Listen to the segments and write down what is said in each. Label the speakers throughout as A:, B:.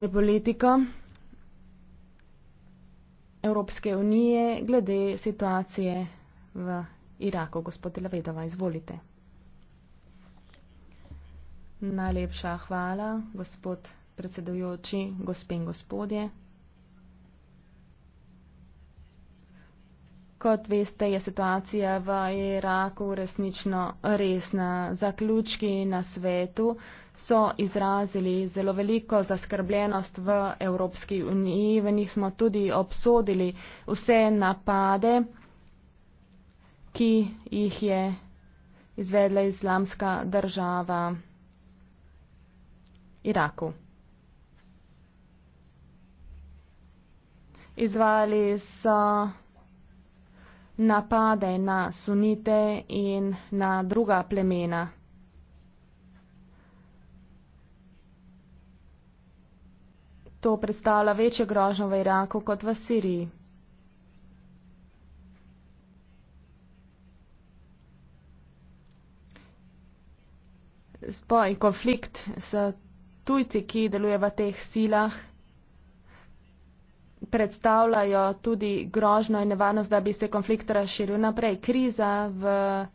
A: je politika Evropske unije glede situacije v Iraku. Gospod Delavedova, izvolite. Najlepša hvala, gospod predsedujoči, gospe in gospodje. Kot veste, je situacija v Iraku resnično resna. Zaključki na svetu so izrazili zelo veliko zaskrbljenost v Evropski uniji. V njih smo tudi obsodili vse napade, ki jih je izvedla islamska država Iraku. Izvali so napade na sunite in na druga plemena. To predstavlja večjo grožnjo v Iraku kot v Siriji. Spoj, konflikt s tujci, ki deluje v teh silah, predstavljajo tudi grožno in nevarnost, da bi se konflikt razširil naprej. Kriza v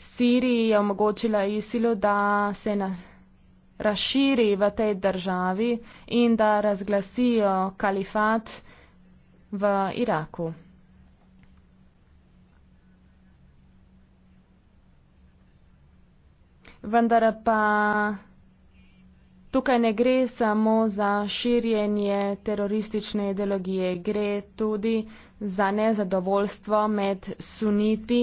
A: Siriji je omogočila ISIL-u, da se na, razširi v tej državi in da razglasijo kalifat v Iraku. Vendar pa. Tukaj ne gre samo za širjenje teroristične ideologije, gre tudi za nezadovoljstvo med suniti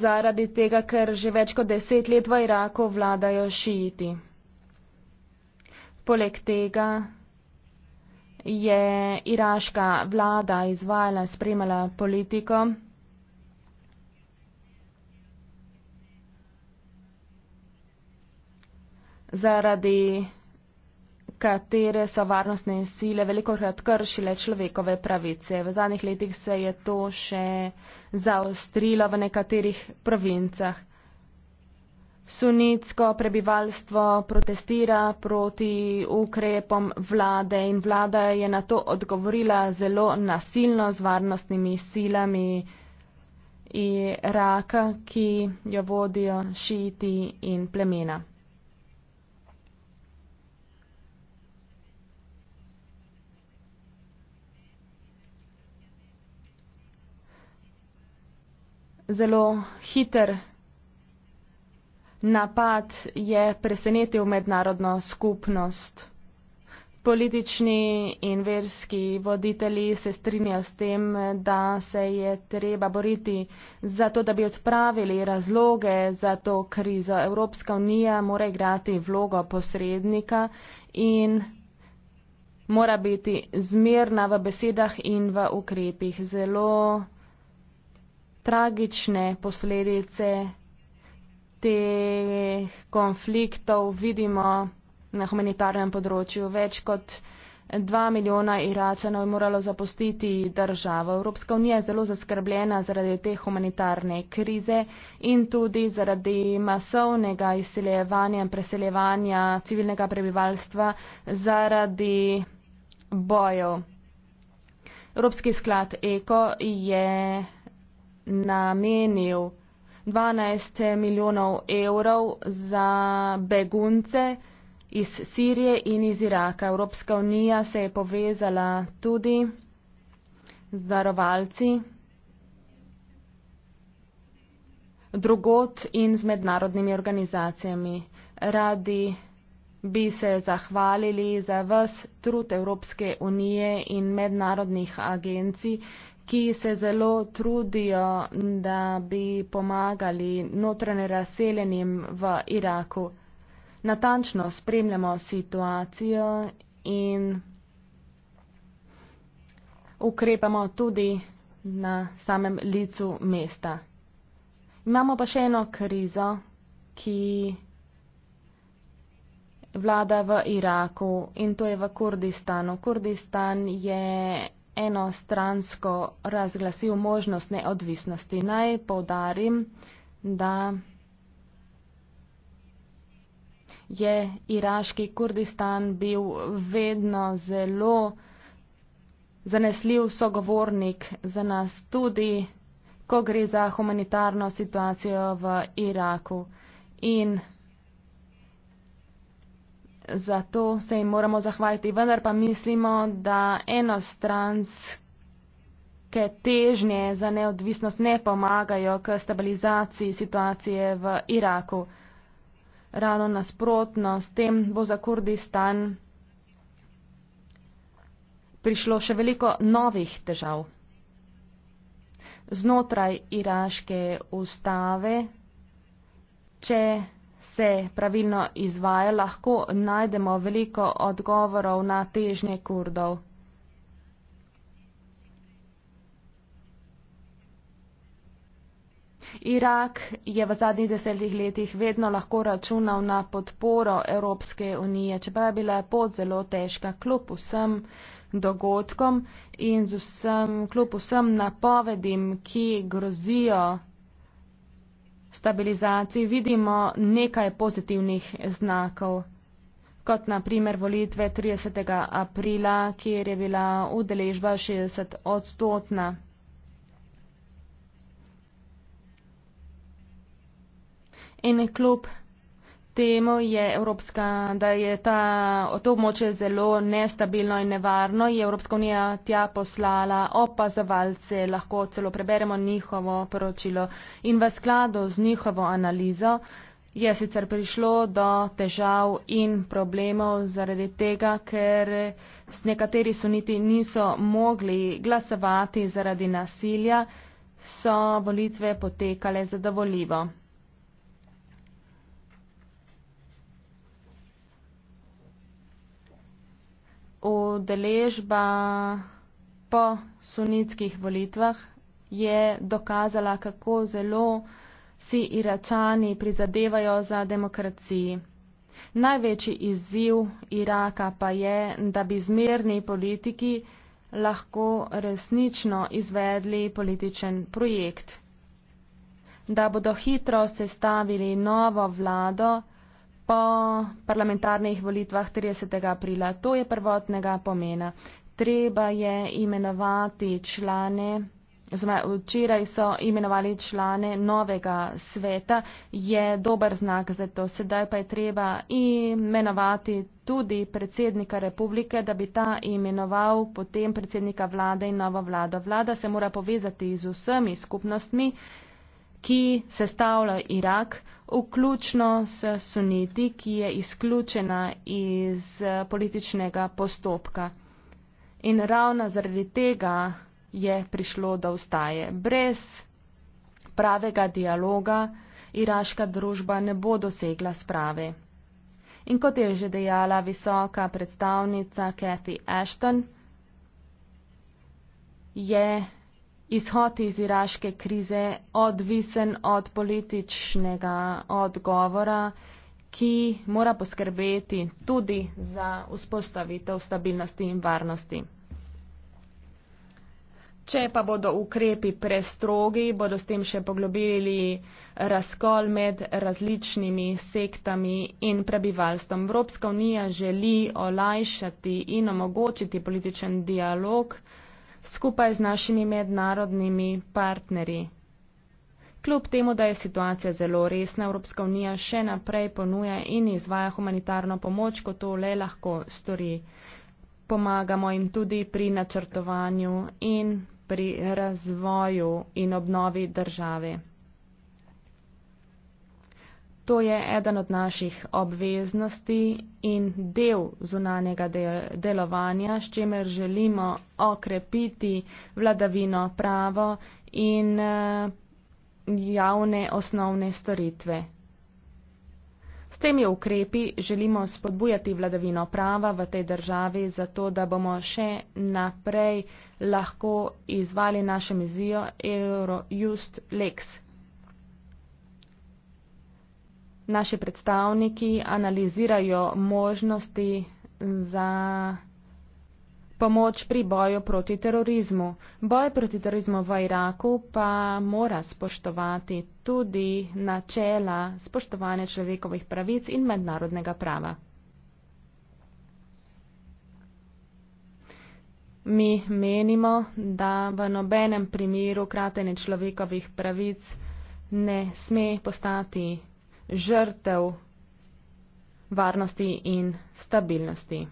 A: zaradi tega, ker že več kot deset let v Iraku vladajo šiiti. Poleg tega je iraška vlada izvajala, spremala politiko. zaradi katere so varnostne sile veliko krat kršile človekove pravice. V zadnjih letih se je to še zaostrilo v nekaterih provincah. Sunitsko prebivalstvo protestira proti ukrepom vlade in vlada je na to odgovorila zelo nasilno z varnostnimi silami Iraka, ki jo vodijo šiti in plemena. zelo hiter napad je presenetil mednarodno skupnost. Politični in verski voditelji se strinjajo s tem, da se je treba boriti za to, da bi odpravili razloge za to krizo. Evropska unija mora igrati vlogo posrednika in mora biti zmerna v besedah in v ukrepih. Zelo tragične posledice teh konfliktov vidimo na humanitarnem področju. Več kot dva milijona Iračanov je moralo zapustiti državo. Evropska unija je zelo zaskrbljena zaradi te humanitarne krize in tudi zaradi masovnega izseljevanja in preseljevanja civilnega prebivalstva zaradi bojev. Evropski sklad Eko je namenil 12 milijonov evrov za begunce iz Sirije in iz Iraka. Evropska unija se je povezala tudi z darovalci drugot in z mednarodnimi organizacijami. Radi bi se zahvalili za vse trud Evropske unije in mednarodnih agencij, ki se zelo trudijo, da bi pomagali notranje razseljenim v Iraku. Natančno spremljamo situacijo in ukrepamo tudi na samem licu mesta. Imamo pa še eno krizo, ki vlada v Iraku in to je v Kurdistanu. Kurdistan je enostransko razglasil možnost neodvisnosti. Naj povdarim, da je iraški Kurdistan bil vedno zelo zanesljiv sogovornik za nas tudi, ko gre za humanitarno situacijo v Iraku. In zato se jim moramo zahvaliti. Vendar pa mislimo, da enostranske težnje za neodvisnost ne pomagajo k stabilizaciji situacije v Iraku. Ravno nasprotno, s tem bo za Kurdistan prišlo še veliko novih težav. Znotraj iraške ustave, če se pravilno izvaja, lahko najdemo veliko odgovorov na težnje kurdov. Irak je v zadnjih desetih letih vedno lahko računal na podporo Evropske unije, čeprav je bila pot zelo težka, kljub vsem dogodkom in vsem, kljub vsem napovedim, ki grozijo stabilizaciji vidimo nekaj pozitivnih znakov, kot na primer volitve 30. aprila, kjer je bila udeležba 60 odstotna. In kljub tem je Evropska, da je ta, to območje zelo nestabilno in nevarno. Je Evropska unija tja poslala opazovalce, lahko celo preberemo njihovo poročilo. In v skladu z njihovo analizo je sicer prišlo do težav in problemov zaradi tega, ker nekateri suniti niso mogli glasovati zaradi nasilja, so volitve potekale zadovoljivo. udeležba po sunitskih volitvah je dokazala, kako zelo si iračani prizadevajo za demokraciji. Največji izziv Iraka pa je, da bi zmerni politiki lahko resnično izvedli političen projekt. Da bodo hitro sestavili novo vlado, po parlamentarnih volitvah 30. aprila. To je prvotnega pomena. Treba je imenovati člane, oziroma včeraj so imenovali člane novega sveta, je dober znak za to. Sedaj pa je treba imenovati tudi predsednika republike, da bi ta imenoval potem predsednika vlade in novo vlado. Vlada se mora povezati z vsemi skupnostmi ki sestavlja Irak, vključno s suniti, ki je izključena iz eh, političnega postopka. In ravno zaradi tega je prišlo do ustaje. Brez pravega dialoga iraška družba ne bo dosegla sprave. In kot je že dejala visoka predstavnica Kathy Ashton, je izhod iz iraške krize odvisen od političnega odgovora, ki mora poskrbeti tudi za vzpostavitev stabilnosti in varnosti. Če pa bodo ukrepi prestrogi, bodo s tem še poglobili razkol med različnimi sektami in prebivalstvom. Evropska unija želi olajšati in omogočiti političen dialog skupaj z našimi mednarodnimi partnerji. Kljub temu, da je situacija zelo resna, Evropska unija še naprej ponuja in izvaja humanitarno pomoč, ko to le lahko stori. Pomagamo jim tudi pri načrtovanju in pri razvoju in obnovi države. To je eden od naših obveznosti in del zunanjega del delovanja, s čimer želimo okrepiti vladavino pravo in uh, javne osnovne storitve. S temi ukrepi želimo spodbujati vladavino prava v tej državi, zato da bomo še naprej lahko izvali naše mizijo Eurojust Lex naši predstavniki analizirajo možnosti za pomoč pri boju proti terorizmu. Boj proti terorizmu v Iraku pa mora spoštovati tudi načela spoštovanja človekovih pravic in mednarodnega prava. Mi menimo, da v nobenem primeru kratenje človekovih pravic ne sme postati žrtev varnosti in stabilnosti.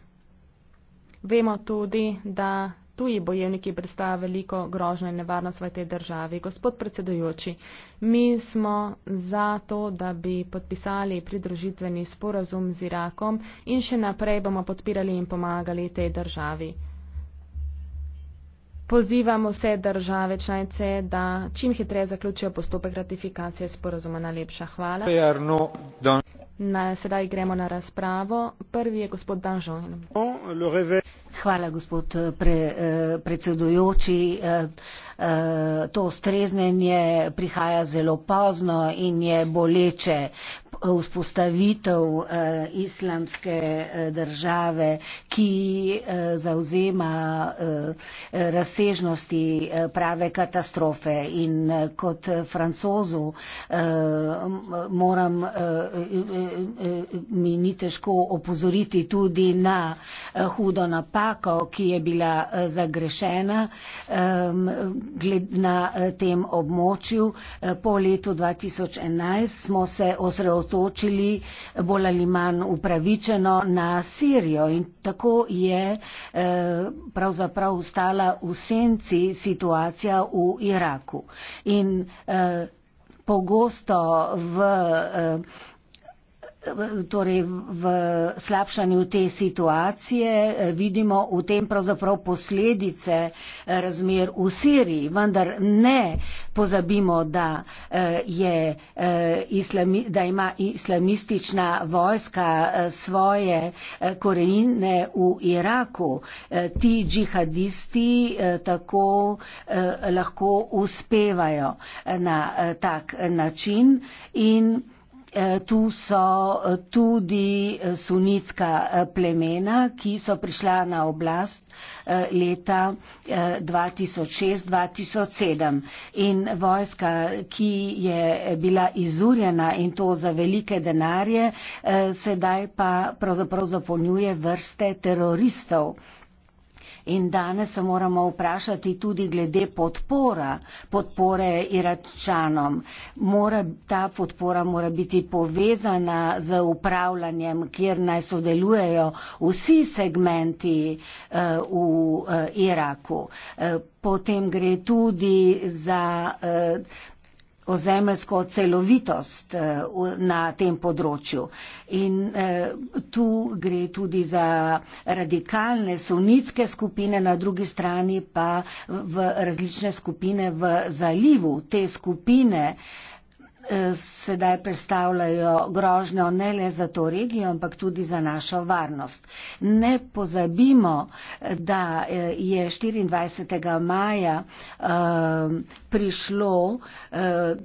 A: Vemo tudi, da tuji bojevniki predstavljajo veliko grožno in nevarnost v tej državi. Gospod predsedujoči, mi smo za to, da bi podpisali pridružitveni sporazum z Irakom in še naprej bomo podpirali in pomagali tej državi pozivamo vse države članice, da čim hitreje zaključijo postopek ratifikacije sporozuma. Najlepša hvala. Na, sedaj gremo na razpravo. Prvi je gospod Danžon.
B: Hvala, gospod pre, eh, predsedujoči. Eh, eh, to streznenje prihaja zelo pozno in je boleče vzpostavitev islamske države, ki zauzema razsežnosti prave katastrofe. In kot francozu moram, mi ni težko opozoriti tudi na hudo napad, napako, ki je bila eh, zagrešena na eh, tem območju. Eh, po letu 2011 smo se osredotočili bolj ali manj upravičeno na Sirijo in tako je pravzaprav ustala v senci situacija v Iraku. In, Pogosto v eh, torej v slabšanju te situacije, eh, vidimo v tem pravzaprav posledice eh, razmer v Siriji, vendar ne pozabimo, da, eh, je, islami, da ima islamistična vojska svoje korenine v Iraku. Ti džihadisti tako lahko uspevajo na tak način in tu so eh, tudi eh, sunitska eh, plemena, ki so prišla na oblast leta 2006-2007. In vojska, ki je bila izurjena in to za velike denarje, sedaj pa pravzaprav zapolnjuje vrste teroristov in danes se moramo vprašati tudi glede podpora, podpore Iračanom. Mora, ta podpora mora biti povezana z upravljanjem, kjer naj sodelujejo vsi segmenti uh, v uh, Iraku. Uh, potem gre tudi za. Uh, ozemeljsko celovitost eh, na tem področju. In eh, tu gre tudi za radikalne sunitske skupine, na drugi strani pa v različne skupine v zalivu. Te skupine Eh, sedaj predstavljajo grožnjo ne le za to regijo, ampak tudi za našo varnost. Ne pozabimo, da eh, je 24. maja eh, prišlo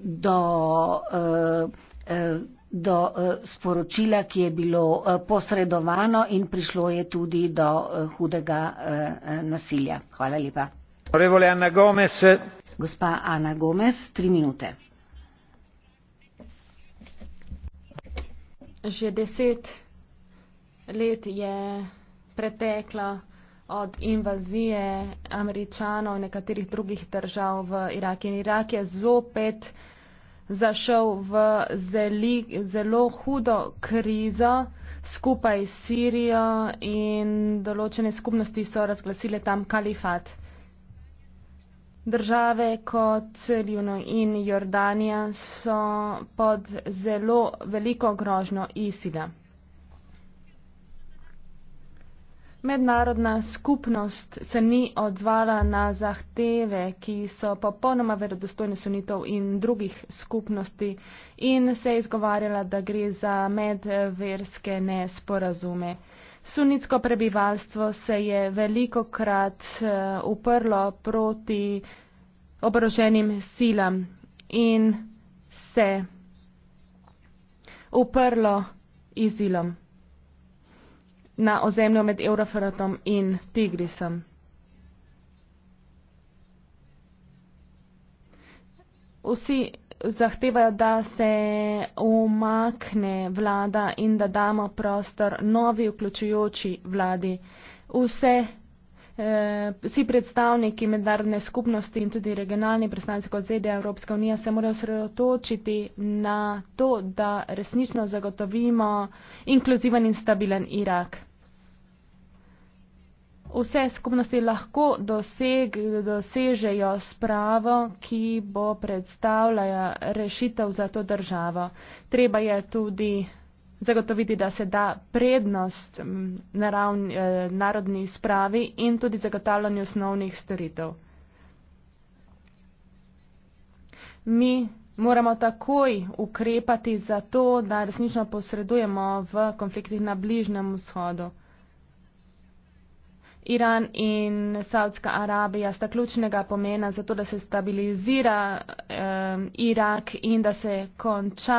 B: do do sporočila, ki je bilo posredovano in prišlo je tudi do hudega nasilja. Hvala lepa. Gospa Ana Gomez, tri minute.
A: že deset let je pretekla od invazije američanov in nekaterih drugih držav v Iraku. In Irak je zopet zašel v zeli, zelo hudo krizo skupaj s Sirijo in določene skupnosti so razglasile tam kalifat. Države kot Ljuno in Jordanija so pod zelo veliko grožno Isila. Mednarodna skupnost se ni odzvala na zahteve, ki so popolnoma verodostojne sunitov in drugih skupnosti in se je izgovarjala, da gre za medverske nesporazume. Sunitsko prebivalstvo se je veliko krat eh, uprlo proti oboroženim silam in se uprlo izilom na ozemlju med Eurofratom in Tigrisom. Vsi zahtevajo, da se umakne vlada in da damo prostor novi vključujoči vladi. Vse, eh, vsi predstavniki mednarodne skupnosti in tudi regionalni predstavniki kot ZDA Evropska unija se morajo sredotočiti na to, da resnično zagotovimo inkluziven in stabilen Irak vse skupnosti lahko doseg, dosežejo spravo, ki bo predstavljala rešitev za to državo. Treba je tudi zagotoviti, da se da prednost naravni, eh, narodni spravi in tudi zagotavljanju osnovnih storitev. Mi moramo takoj ukrepati za to, da resnično posredujemo v konfliktih na Bližnjem vzhodu. Iran in Saudska Arabija sta ključnega pomena za to, da se stabilizira um, Irak in da se konča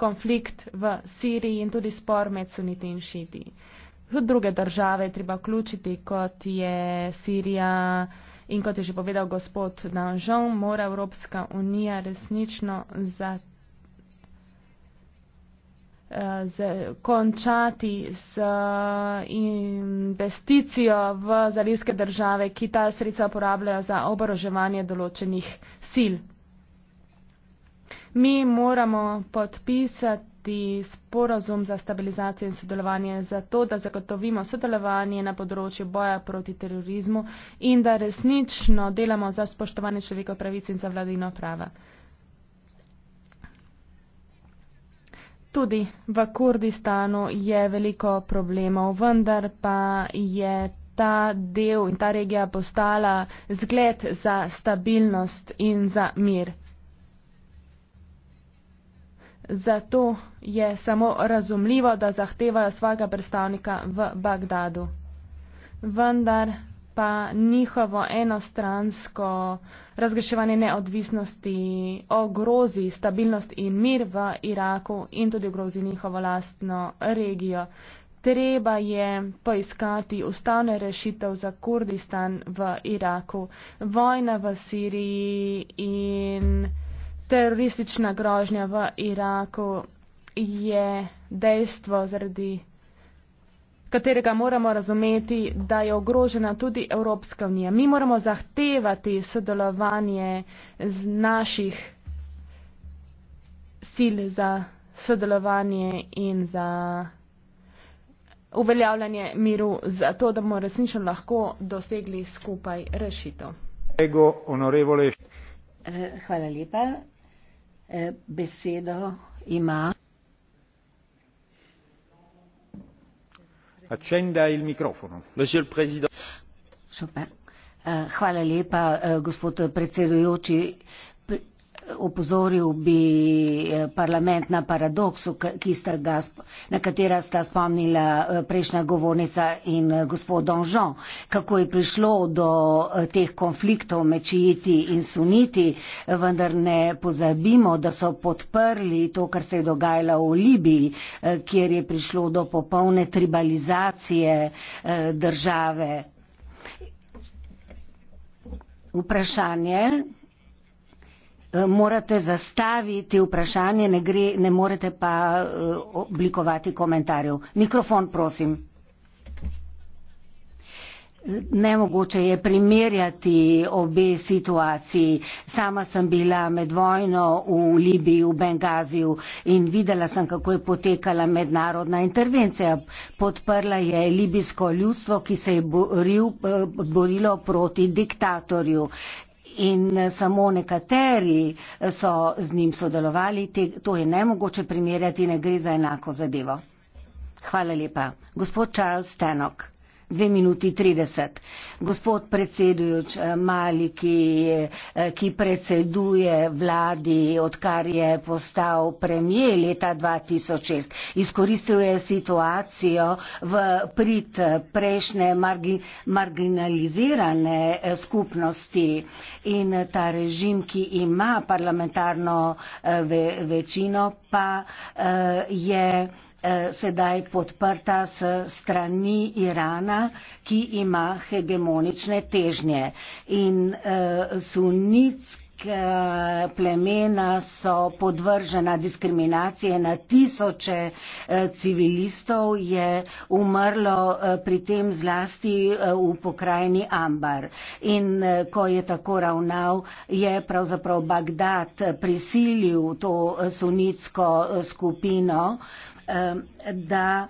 A: konflikt v Siriji in tudi spor med suniti in šiti. Tudi druge države treba vključiti, kot je Sirija in kot je že povedal gospod Danžon, mora Evropska unija resnično zatrditi z, končati z eh, investicijo v zalivske države, ki ta sredstva uporabljajo za oboroževanje določenih sil. Mi moramo podpisati sporozum za stabilizacijo in sodelovanje za to, da zagotovimo sodelovanje na področju boja proti terorizmu in da resnično delamo za spoštovanje človekov pravic in za vladino prava. Tudi v Kurdistanu je veliko problemov, vendar pa je ta del in ta regija postala zgled za stabilnost in za mir. Zato je samo razumljivo, da zahtevajo svojega predstavnika v Bagdadu. Vendar pa njihovo enostransko razreševanje neodvisnosti ogrozi stabilnost in mir v Iraku in tudi ogrozi njihovo lastno regijo. Treba je poiskati ustavne rešitev za Kurdistan v Iraku. Vojna v Siriji in teroristična grožnja v Iraku je dejstvo zaradi katerega moramo razumeti, da je ogrožena tudi Evropska unija. Mi moramo zahtevati sodelovanje z naših sil za sodelovanje in za uveljavljanje miru, zato da bomo resnično lahko dosegli skupaj rešitev. Eh, hvala lepa. Eh, besedo
B: ima. Eh, hvala lepa eh, gospod predsedujoči gospod komisar gospod varuh lepo pozdravljeni. Upozoril bi eh, parlament na paradoks, na katera sta spomnila eh, prejšnja govornica in eh, gospod Donžon, kako je prišlo do teh konfliktov med čijiti in suniti, vendar ne pozabimo, da so podprli to, kar se je dogajalo v Libiji, kjer je prišlo do popolne tribalizacije države. Vprašanje. Eh, morate zastaviti vprašanje, ne, gre, ne morete pa eh, oblikovati komentarjev. Mikrofon, prosim. Nemogoče je primerjati obe situaciji. Sama sem bila med vojno v Libiji, v Bengaziju in videla sem, kako je potekala mednarodna intervencija. Podprla je libijsko ljudstvo, ki se je boril, eh, borilo proti diktatorju in eh, samo nekateri eh, so z njim sodelovali. To je nemogoče primerjati, ne gre za enako zadevo. Hvala lepa. Gospod Charles Stanok dve minuti trideset. Gospod predsedujoč eh, Mali, ki, eh, ki predseduje vladi, odkar je postal premije leta 2006, izkoristil je situacijo v prid prejšnje margi, marginalizirane eh, skupnosti in ta režim, ki ima parlamentarno ve, večino, pa je Eh, sedaj podprta s strani Irana, ki ima hegemonične težnje. In uh, sunitska plemena so podvržena diskriminacije na tisoče uh, civilistov, je umrlo uh, pri tem zlasti uh, v pokrajini Ambar. In uh, ko je tako ravnal, je pravzaprav Bagdad prisilil to sunitsko uh, skupino, da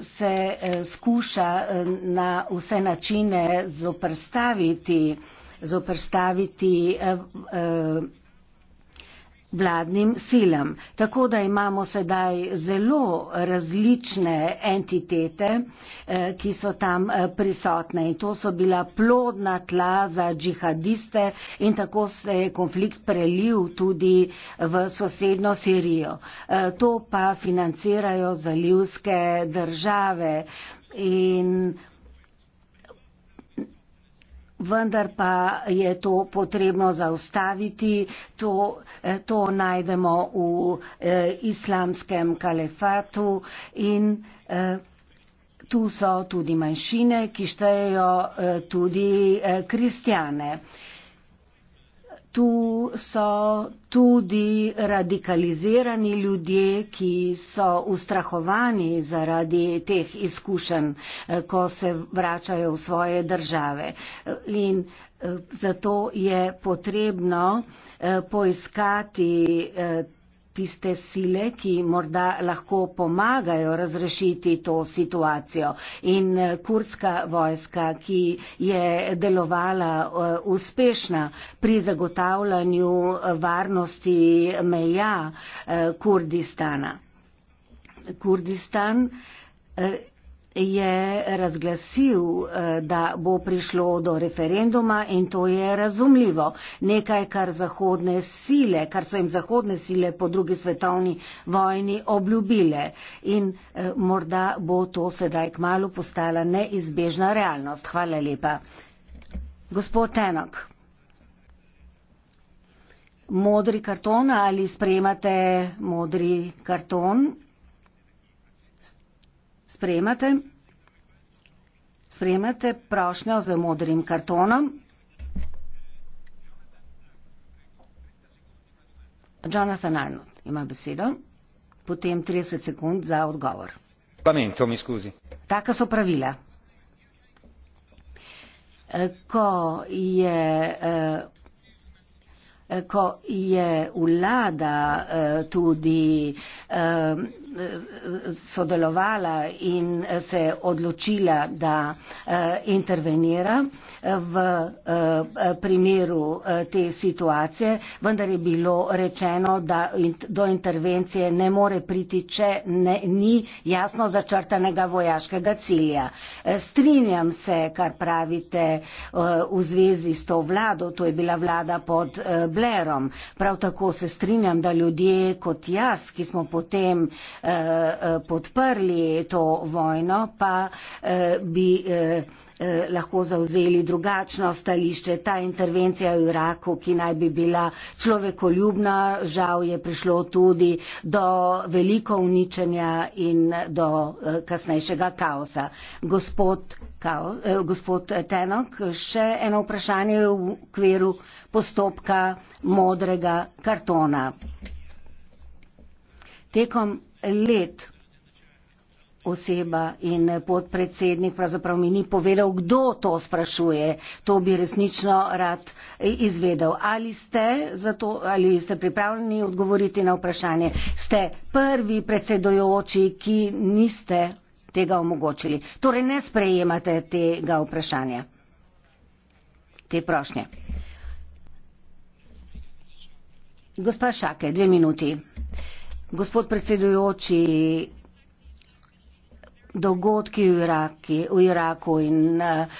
B: se skuša na vse načine zoprstaviti, zoprstaviti vladnim silam. Tako da imamo sedaj zelo različne entitete, eh, ki so tam eh, prisotne in to so bila plodna tla za džihadiste in tako se je konflikt prelil tudi v sosedno Sirijo. Eh, to pa financirajo zalivske države. In vendar pa je to potrebno zaustaviti, to, eh, to najdemo v eh, islamskem kalifatu in eh, tu so tudi manjšine, ki štejejo eh, tudi eh, kristjane. Eh, tu so tudi radikalizirani ljudje, ki so ustrahovani zaradi teh izkušenj, eh, ko se vračajo v svoje države. Eh, in eh, zato je potrebno poiskati tiste sile, ki morda lahko pomagajo razrešiti to situacijo. In eh, kurdska vojska, ki je delovala eh, uspešna pri zagotavljanju eh, varnosti meja Kurdistana. Kurdistan je razglasil, eh, da bo prišlo do referenduma in to je razumljivo. Nekaj, kar, sile, kar so jim zahodne sile po drugi svetovni vojni obljubile in eh, morda bo to sedaj k malu postala neizbežna realnost. Hvala lepa. Gospod Tenok. Modri karton ali sprejemate modri karton? Sprejemate? Sprejemate prošnjo z modrim kartonom? Jonathan Arnold ima besedo, potem 30 sekund za odgovor.
C: Lamento, mi skuzi.
B: Taka so pravila. Ko je, eh, ko je vlada eh, tudi eh, sodelovala in se odločila, da eh, intervenira eh, v eh, primeru te situacije, vendar je bilo rečeno, da do intervencije ne more priti, če ne, ni jasno začrtanega vojaškega cilja. Strinjam se, kar pravite v zvezi s to vlado, to je bila vlada pod Blerom. Prav tako se strinjam, da ljudje kot jaz, ki smo potem Eh, eh, podprli to vojno, pa eh, bi lahko zauzeli drugačno stališče. Ta intervencija v Iraku, ki naj bi bila človekoljubna, žal je prišlo tudi do veliko uničenja in do kasnejšega kaosa. Gospod, kaos, eh, gospod Tenok, še eno vprašanje v okviru postopka modrega kartona. Tekom let oseba in podpredsednik pravzaprav mi ni povedal, kdo to sprašuje. To bi resnično rad izvedel. Ali ste, to, ali ste pripravljeni odgovoriti na vprašanje? Ste prvi predsedojoči, ki niste tega omogočili. Torej ne sprejemate tega vprašanja, te prošnje. Gospa Šake, dve minuti. Gospod predsedujoči, dogodki v, Iraki, v Iraku in uh,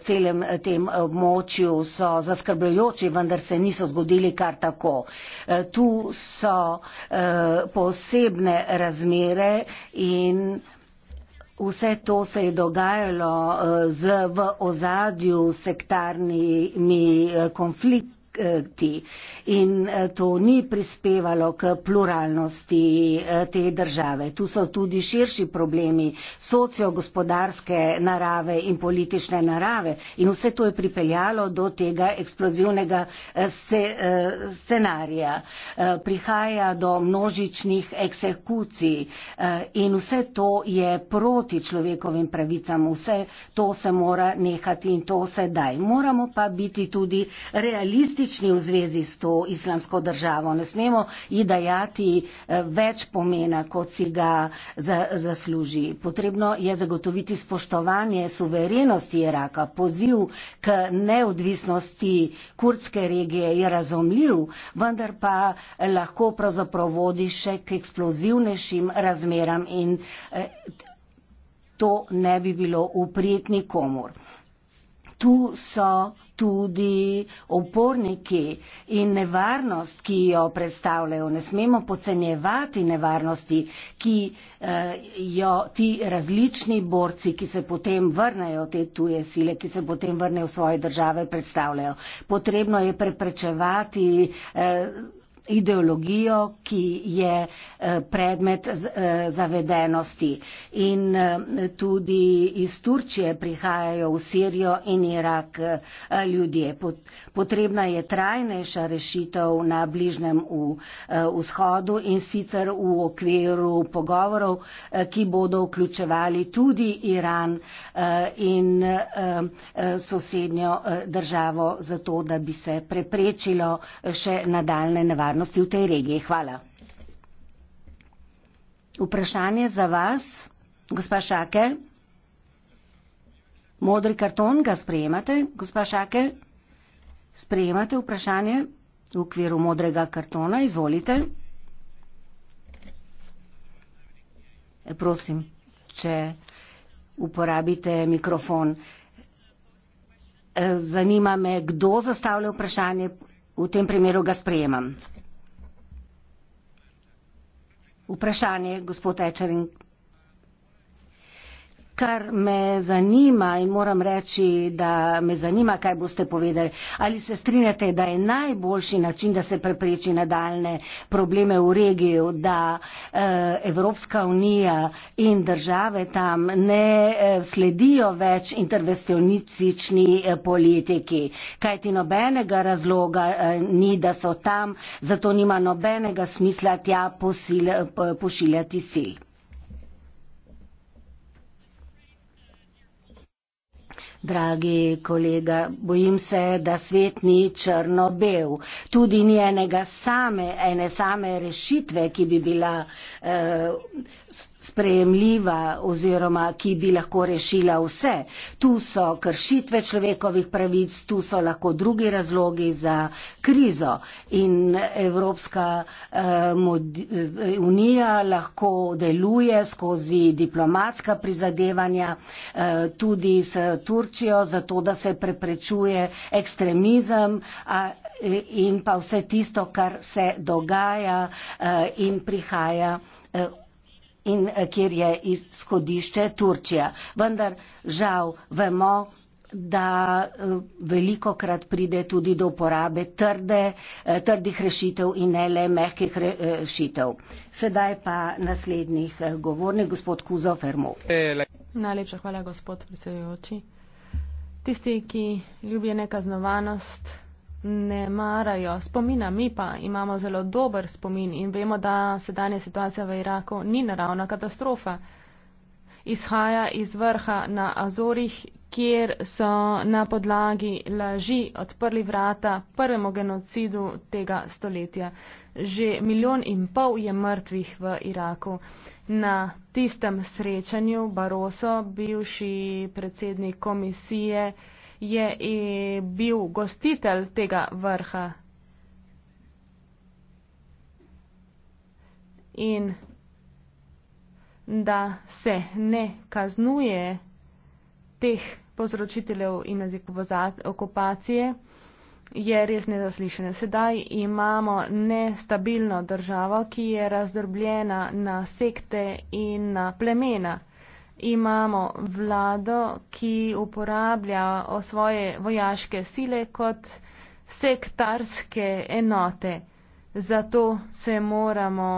B: celem tem območju so zaskrbljujoči, vendar se niso zgodili kar tako. Uh, tu so uh, posebne razmere in vse to se je dogajalo uh, z, v ozadju sektarnimi uh, konflikti ti. In eh, to ni prispevalo k pluralnosti eh, te države. Tu so tudi širši problemi sociogospodarske narave in politične narave. In vse to je pripeljalo do tega eksplozivnega eh, scenarija. Prihaja do množičnih eksekucij in vse to je proti človekovim pravicam. Vse to se mora nehati in to sedaj. Moramo pa biti tudi realisti optimistični v zvezi s to islamsko državo. Ne smemo ji dajati eh, več pomena, kot si ga za, zasluži. Potrebno je zagotoviti spoštovanje suverenosti Iraka. Poziv k neodvisnosti kurdske regije je razumljiv, vendar pa lahko pravzaprav vodi še k eksplozivnejšim razmeram in eh, to ne bi bilo uprijetni komor. Tu so tudi uporniki in nevarnost, ki jo predstavljajo. Ne smemo pocenjevati nevarnosti, ki eh, jo ti različni borci, ki se potem vrnejo, te tuje sile, ki se potem vrnejo v svoje države, predstavljajo. Potrebno je preprečevati. Eh, ideologijo, ki je eh, predmet eh, zavedenosti. In eh, tudi iz Turčije prihajajo v Sirijo in Irak ljudje. Potrebna je trajnejša rešitev na bližnjem vzhodu in sicer v okviru pogovorov, ki bodo vključevali tudi Iran in sosednjo državo, zato da bi se preprečilo še nadaljne nevarnosti varnosti v tej regiji. Hvala. Vprašanje za vas, gospa Šake. Modri karton ga sprejemate, gospa Šake. Sprejemate vprašanje v okviru modrega kartona, izvolite. E, prosim, če uporabite mikrofon. E, zanima me, kdo zastavlja vprašanje, v tem primeru ga sprejemam vprašanje, gospod Ečerin, kar me zanima in moram reči, da me zanima, kaj boste povedali. Ali se strinjate, da je najboljši način, da se prepreči nadaljne probleme v regiju, da eh, Evropska unija in države tam ne eh, sledijo več intervencionistični eh, politiki? Kaj ti nobenega razloga ni, da so tam, zato nima nobenega smisla tja posil, pošiljati sil. Dragi kolega, bojim se, da svet ni črno-bel. Tudi ni enega same, ene same rešitve, ki bi bila eh, sprejemljiva oziroma ki bi lahko rešila vse. Tu so kršitve človekovih pravic, tu so lahko drugi razlogi za krizo in Evropska eh, eh unija lahko deluje skozi diplomatska prizadevanja, eh, tudi s Turčijo Turčijo, zato da se preprečuje ekstremizem a, in pa vse tisto, kar se dogaja a, e, in prihaja a, e, in a, e, kjer je izhodišče Turčija. Vendar žal vemo, da veliko krat pride tudi do uporabe trde, trdih rešitev in ne le mehkih rešitev. Sedaj pa naslednjih govornik, gospod Kuzo Fermo.
A: Najlepša hvala, gospod predsedujoči. Tisti, ki ljubijo nekaznovanost, ne marajo spomina. Mi pa imamo zelo dober spomin in vemo, da sedanja situacija v Iraku ni naravna katastrofa. Izhaja iz vrha na Azorih, kjer so na podlagi laži odprli vrata prvemu genocidu tega stoletja. Že milijon in pol je mrtvih v Iraku na tistem srečanju Baroso, bivši predsednik komisije, je e, bil gostitelj tega vrha. In da se ne kaznuje teh povzročiteljev in okupacije, je res nezaslišene. Sedaj imamo nestabilno državo, ki je razdrobljena na sekte in na plemena. Imamo vlado, ki uporablja svoje vojaške sile kot sektarske enote. Zato se moramo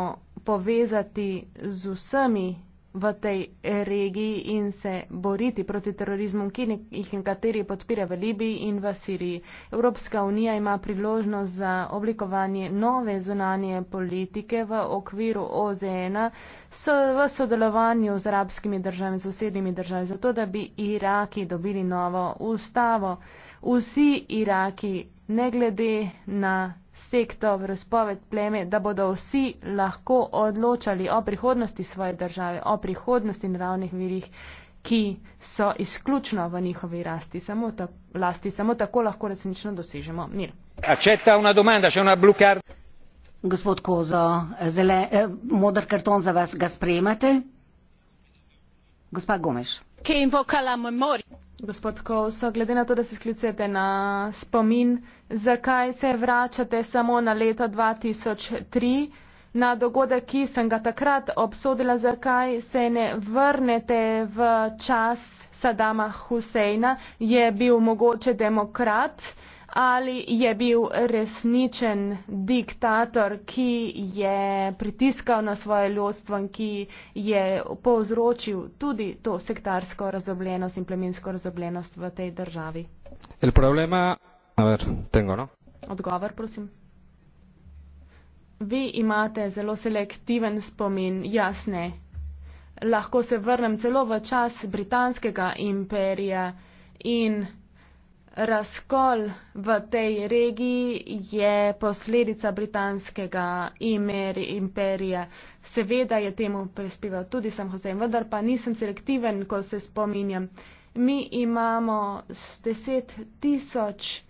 A: povezati z vsemi v tej regiji in se boriti proti terorizmu, ki jih nekateri podpira v Libiji in v Siriji. Evropska unija ima priložnost za oblikovanje nove zunanje politike v okviru OZN so v sodelovanju z arabskimi državami, z osednjimi državami, zato da bi Iraki dobili novo ustavo. Vsi Iraki, ne glede na sekto, v razpoved pleme, da bodo vsi lahko odločali o prihodnosti svoje države, o prihodnosti naravnih virih, ki so izključno v njihovi rasti, samo ta, lasti. Samo tako lahko resnično dosežemo mir.
B: Gospod Kozo, zele, eh, modr karton za vas ga sprejemate? Gospa Gomeš.
A: Gospod Kolso, glede na to, da se sklicujete na spomin, zakaj se vračate samo na leto 2003, na dogodek, ki sem ga takrat obsodila, zakaj se ne vrnete v čas Sadama Huseina, je bil mogoče demokrat ali je bil resničen diktator, ki je pritiskal na svoje ljudstvo in ki je povzročil tudi to sektarsko razdobljenost in plemensko razdobljenost v tej državi. El problema, a ver, tengo, no? Odgovor, prosim. Vi imate zelo selektiven spomin, jasne. Lahko se vrnem celo v čas britanskega imperija in Razkol v tej regiji je posledica britanskega imperija. Seveda je temu prispeval tudi sam Hosein, vendar pa nisem selektiven, ko se spominjam. Mi imamo 10 tisoč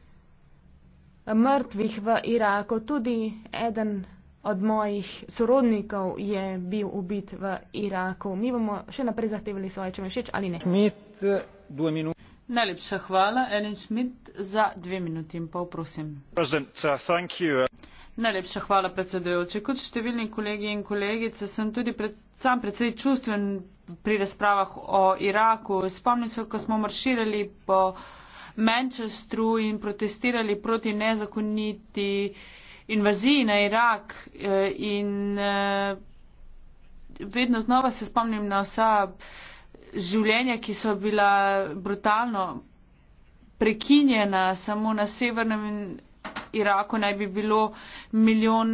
A: mrtvih v Iraku, tudi eden od mojih sorodnikov je bil ubit v Iraku. Mi bomo še naprej zahtevali svoje, če me všeč ali ne.
C: Schmidt, Najlepša hvala, Ellen Schmidt, za dve minuti in pol, prosim. Uh, Najlepša hvala, predsedujoči. Kot številni kolegi in kolegice, sem tudi pred, sam predvsej čustven pri razpravah o Iraku. Spomnim se, ko smo marširali po Manchesteru in protestirali proti nezakoniti invaziji na Irak eh, in eh, vedno znova se spomnim na vsa življenja, ki so bila brutalno prekinjena samo na severnem Iraku, naj bi bilo milijon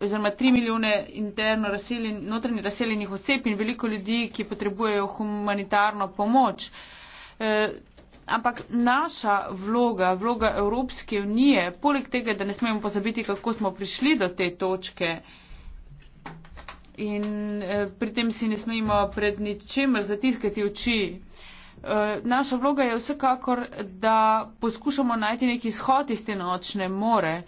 C: oziroma tri milijone interno razseljen, notranje razseljenih oseb in veliko ljudi, ki potrebujejo humanitarno pomoč. E, ampak naša vloga, vloga Evropske unije, poleg tega, da ne smemo pozabiti, kako smo prišli do te točke, in eh, pri tem si ne smemo pred ničemer zatiskati oči. Eh, naša vloga je vsekakor, da poskušamo najti nek izhod iz te nočne more.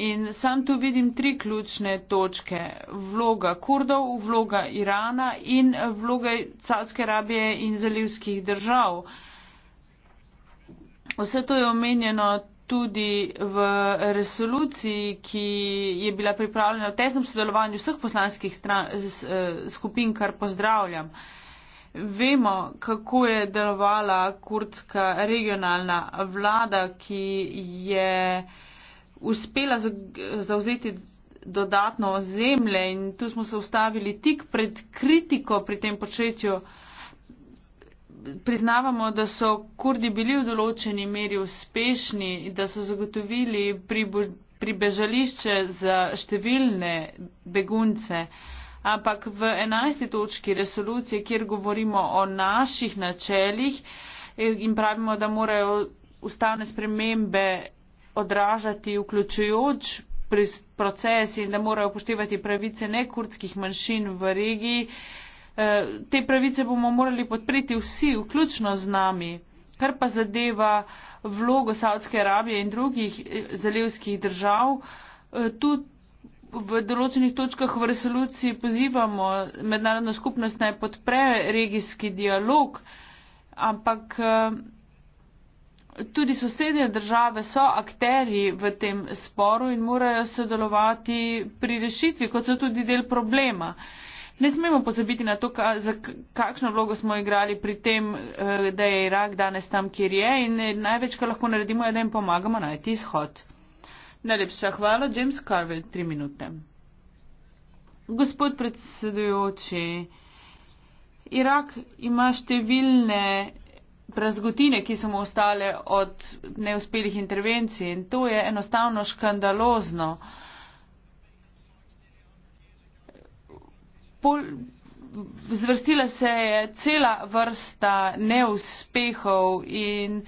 C: In sam tu vidim tri ključne točke. Vloga Kurdov, vloga Irana in vloga Carske Arabije in zalivskih držav. Vse to je omenjeno tudi v resoluciji, ki je bila pripravljena v tesnem sodelovanju vseh poslanskih stran, eh, skupin, kar pozdravljam. Vemo, kako je delovala kurdska regionalna vlada, ki je uspela zauzeti dodatno ozemlje in tu smo se ustavili tik pred kritiko pri tem početju priznavamo, da so kurdi bili v določeni meri uspešni, da so zagotovili pribežališče za številne begunce. Ampak v 11. točki resolucije, kjer govorimo o naših načeljih eh, in pravimo, da morajo ustavne spremembe odražati vključujoč proces in da morajo upoštevati pravice nekurdskih manjšin v regiji, Eh, te pravice bomo morali podpreti vsi, vključno z nami. Kar pa zadeva vlogo Saudske Arabije in drugih eh, zalivskih držav, eh, tu v določenih točkah v resoluciji pozivamo mednarodno skupnost naj podpre regijski dialog, ampak tudi sosednje države so akteri v tem sporu in morajo sodelovati pri rešitvi, kot so tudi del problema. Ne smemo pozabiti na to, ka, za kakšno vlogo smo igrali pri tem, eh, da je Irak danes tam, kjer je in eh, največ, kar lahko naredimo, je, da jim pomagamo najti izhod. Najlepša hvala, James Carville, tri minute. Gospod predsedujoči, Irak ima številne prazgotine, ki so mu ostale od neuspelih intervencij in to je enostavno škandalozno. pol, zvrstila se je cela vrsta neuspehov in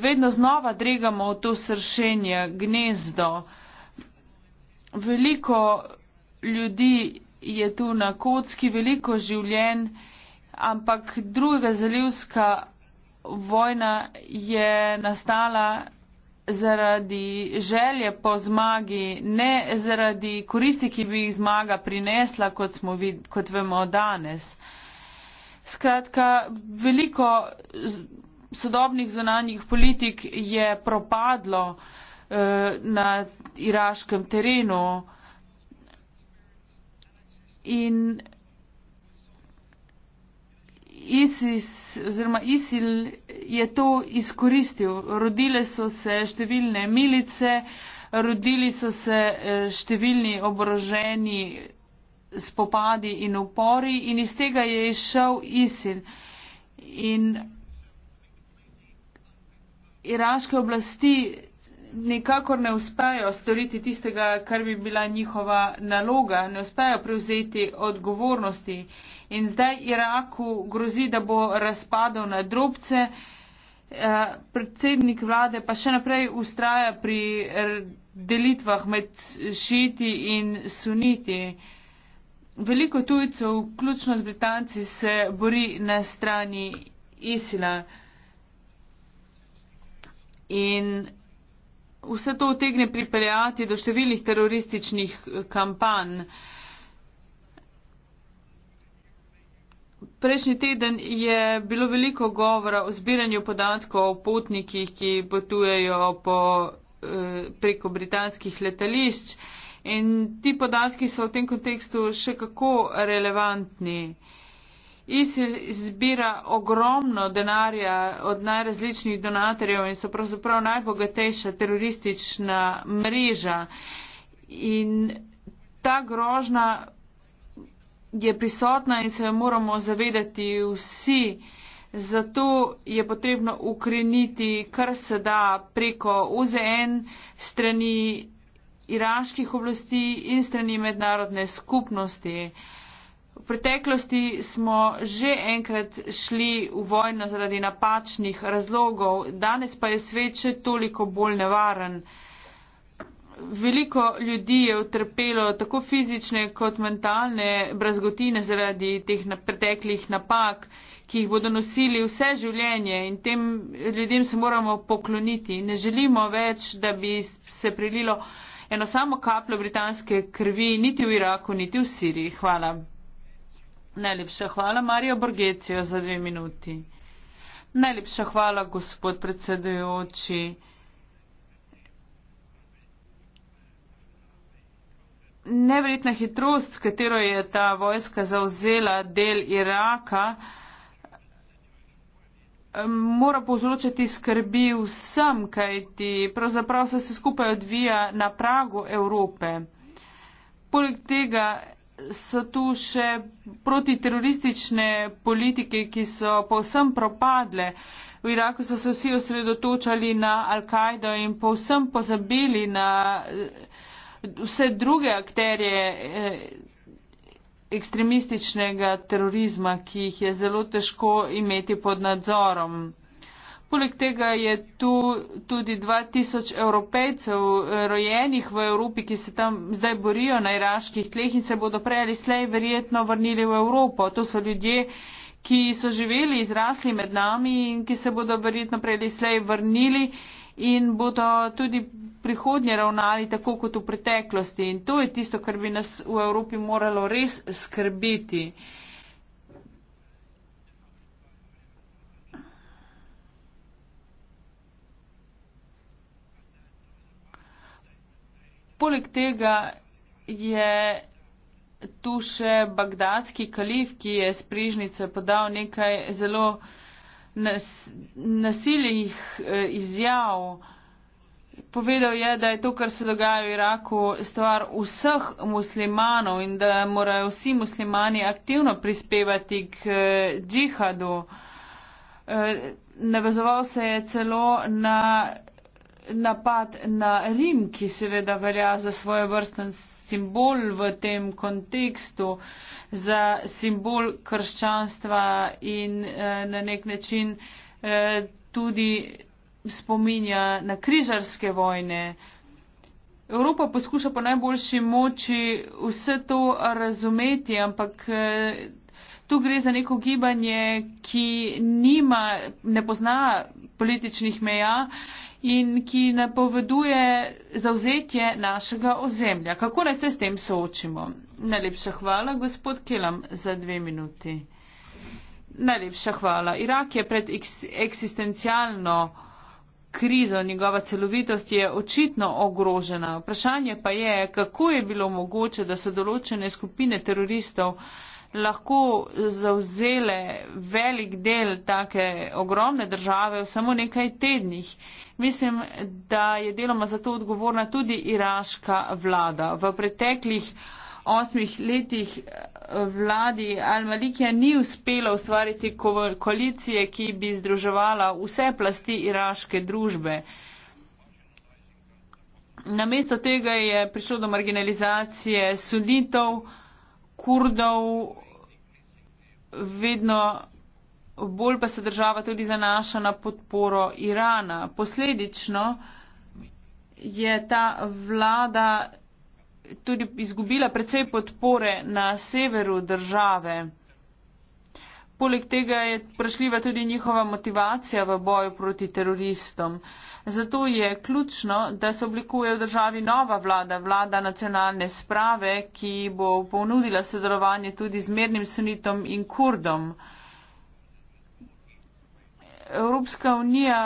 C: vedno znova dregamo v to sršenje, gnezdo. Veliko ljudi je tu na kocki, veliko življenj, ampak druga zalivska vojna je nastala zaradi želje po zmagi, ne zaradi koristi, ki bi jih zmaga prinesla, kot, smo, kot vemo danes. Skratka, veliko sodobnih zunanjih politik je propadlo eh, na iraškem terenu. In ISIS oziroma ISIL je to izkoristil. Rodile so se številne milice, rodili so se eh, številni oboroženi spopadi in upori in iz tega je išel ISIL. In iraške oblasti nikakor ne uspejo storiti tistega, kar bi bila njihova naloga, ne uspejo prevzeti odgovornosti in zdaj Iraku grozi, da bo razpadel na drobce. Eh, predsednik vlade pa še naprej ustraja pri eh, delitvah med šiti in suniti. Veliko tujcev, vključno z Britanci, se bori na strani Isila. In vse to utegne pripeljati do številnih terorističnih kampanj. Uh, Prejšnji teden je bilo veliko govora o zbiranju podatkov o potnikih, ki potujejo po, eh, preko britanskih letališč in ti podatki so v tem kontekstu še kako relevantni. ISIL zbira ogromno denarja od najrazličnih donatorjev in so pravzaprav najbogatejša teroristična mreža. In ta grožna je prisotna in se jo moramo zavedati vsi. Zato je potrebno ukreniti, kar se da preko OZN strani iraških oblasti in strani mednarodne skupnosti. V preteklosti smo že enkrat šli v vojno zaradi napačnih razlogov, danes pa je svet še toliko bolj nevaren veliko ljudi je utrpelo tako fizične kot mentalne brazgotine zaradi teh preteklih napak, ki jih bodo nosili vse življenje in tem ljudem se moramo pokloniti. Ne želimo več, da bi se prililo eno samo kapljo britanske krvi niti v Iraku, niti v Siriji. Hvala. Najlepša hvala Marijo Borgecijo za dve minuti. Najlepša hvala, gospod predsedujoči. neverjetna hitrost, s katero je ta vojska zauzela del Iraka, mora povzročati skrbi vsem, kajti pravzaprav se vse skupaj odvija na pragu Evrope. Poleg tega so tu še protiteroristične politike, ki so povsem propadle. V Iraku so se vsi osredotočali na Al-Kaido in povsem pozabili na vse druge akterje eh, ekstremističnega terorizma, ki jih je zelo težko imeti pod nadzorom. Poleg tega je tu tudi 2000 evropejcev eh, rojenih v Evropi, ki se tam zdaj borijo na iraških tleh in se bodo prej ali slej verjetno vrnili v Evropo. To so ljudje, ki so živeli, izrasli med nami in ki se bodo verjetno prej ali slej vrnili in bodo tudi prihodnje ravnali tako kot v preteklosti. In to je tisto, kar bi nas v Evropi moralo res skrbeti. Poleg tega je tu še bagdadski kalif, ki je sprižnice podal nekaj zelo uh, nas, nasiljih e, izjav. Povedal je, da je to, kar se dogaja v Iraku, stvar vseh muslimanov in da morajo vsi muslimani aktivno prispevati k e, džihadu. E, navezoval se je celo na napad na Rim, ki seveda velja za svoje vrstne simbol v tem kontekstu, za simbol krščanstva in eh, na nek način eh, tudi spominja na križarske vojne. Evropa poskuša po najboljši moči vse to razumeti, ampak eh, tu gre za neko gibanje, ki nima, ne pozna političnih meja in ki napoveduje zauzetje našega ozemlja. Kako naj se s tem soočimo? Najlepša hvala, gospod Kelam, za dve minuti. Najlepša hvala. Irak je pred eksistencialno krizo, njegova celovitost je očitno ogrožena. Vprašanje pa je, kako je bilo mogoče, da so določene skupine teroristov lahko zauzele velik del take ogromne države v samo nekaj tednih. Mislim, da je deloma za to odgovorna tudi iraška vlada. V preteklih osmih letih eh, vladi Al-Malikija ni uspela ustvariti koalicije, ki bi združevala vse plasti iraške družbe. Namesto tega je prišlo do marginalizacije sunitov, kurdov, vedno bolj pa se država tudi zanaša na podporo Irana. Posledično je ta vlada tudi izgubila precej podpore na severu države. Poleg tega je prešljiva tudi njihova motivacija v boju proti teroristom. Uh, Zato je ključno, da se oblikuje v državi nova vlada, vlada nacionalne sprave, ki bo ponudila sodelovanje tudi z mirnim sunitom in kurdom. Evropska unija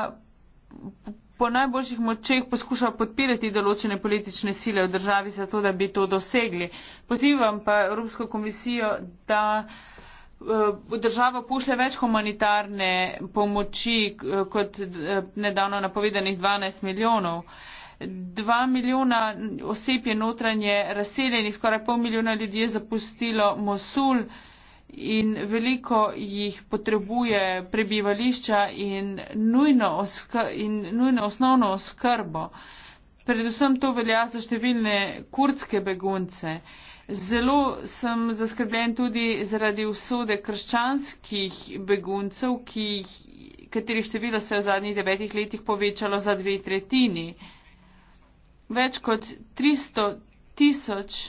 C: po najboljših močeh poskuša podpirati določene politične sile v državi, zato da bi to dosegli. Pozivam pa Evropsko komisijo, da Eh, država pošlje več humanitarne pomoči eh, kot eh, nedavno napovedanih 12 milijonov. Dva milijona oseb je notranje razseljenih, skoraj pol milijona ljudi je zapustilo Mosul in veliko jih potrebuje prebivališča in nujno, in nujno osnovno oskrbo. Predvsem to velja za številne kurdske begunce. Uh, Zelo sem zaskrbljen tudi zaradi usode krščanskih beguncev, katerih število se je v zadnjih devetih letih povečalo za dve tretjini. Več kot 300 tisoč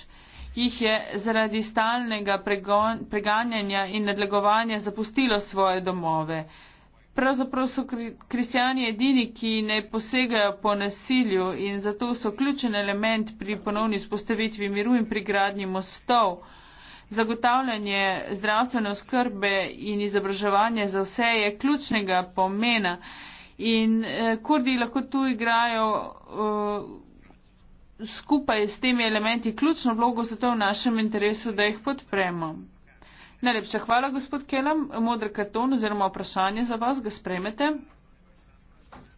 C: jih je zaradi stalnega pregon, preganjanja in nadlegovanja zapustilo svoje domove. Pravzaprav so kristijani edini, ki ne posegajo po nasilju in zato so ključen element pri ponovni spostavitvi miru in pri gradnji mostov. Zagotavljanje zdravstvene oskrbe in izobraževanje za vse je ključnega pomena in eh, kurdi lahko tu igrajo eh, skupaj s temi elementi ključno vlogo, zato je v našem interesu, da jih podpremo. Najlepša hvala, gospod Kelam. Modri karton oziroma vprašanje za vas, ga sprejmete.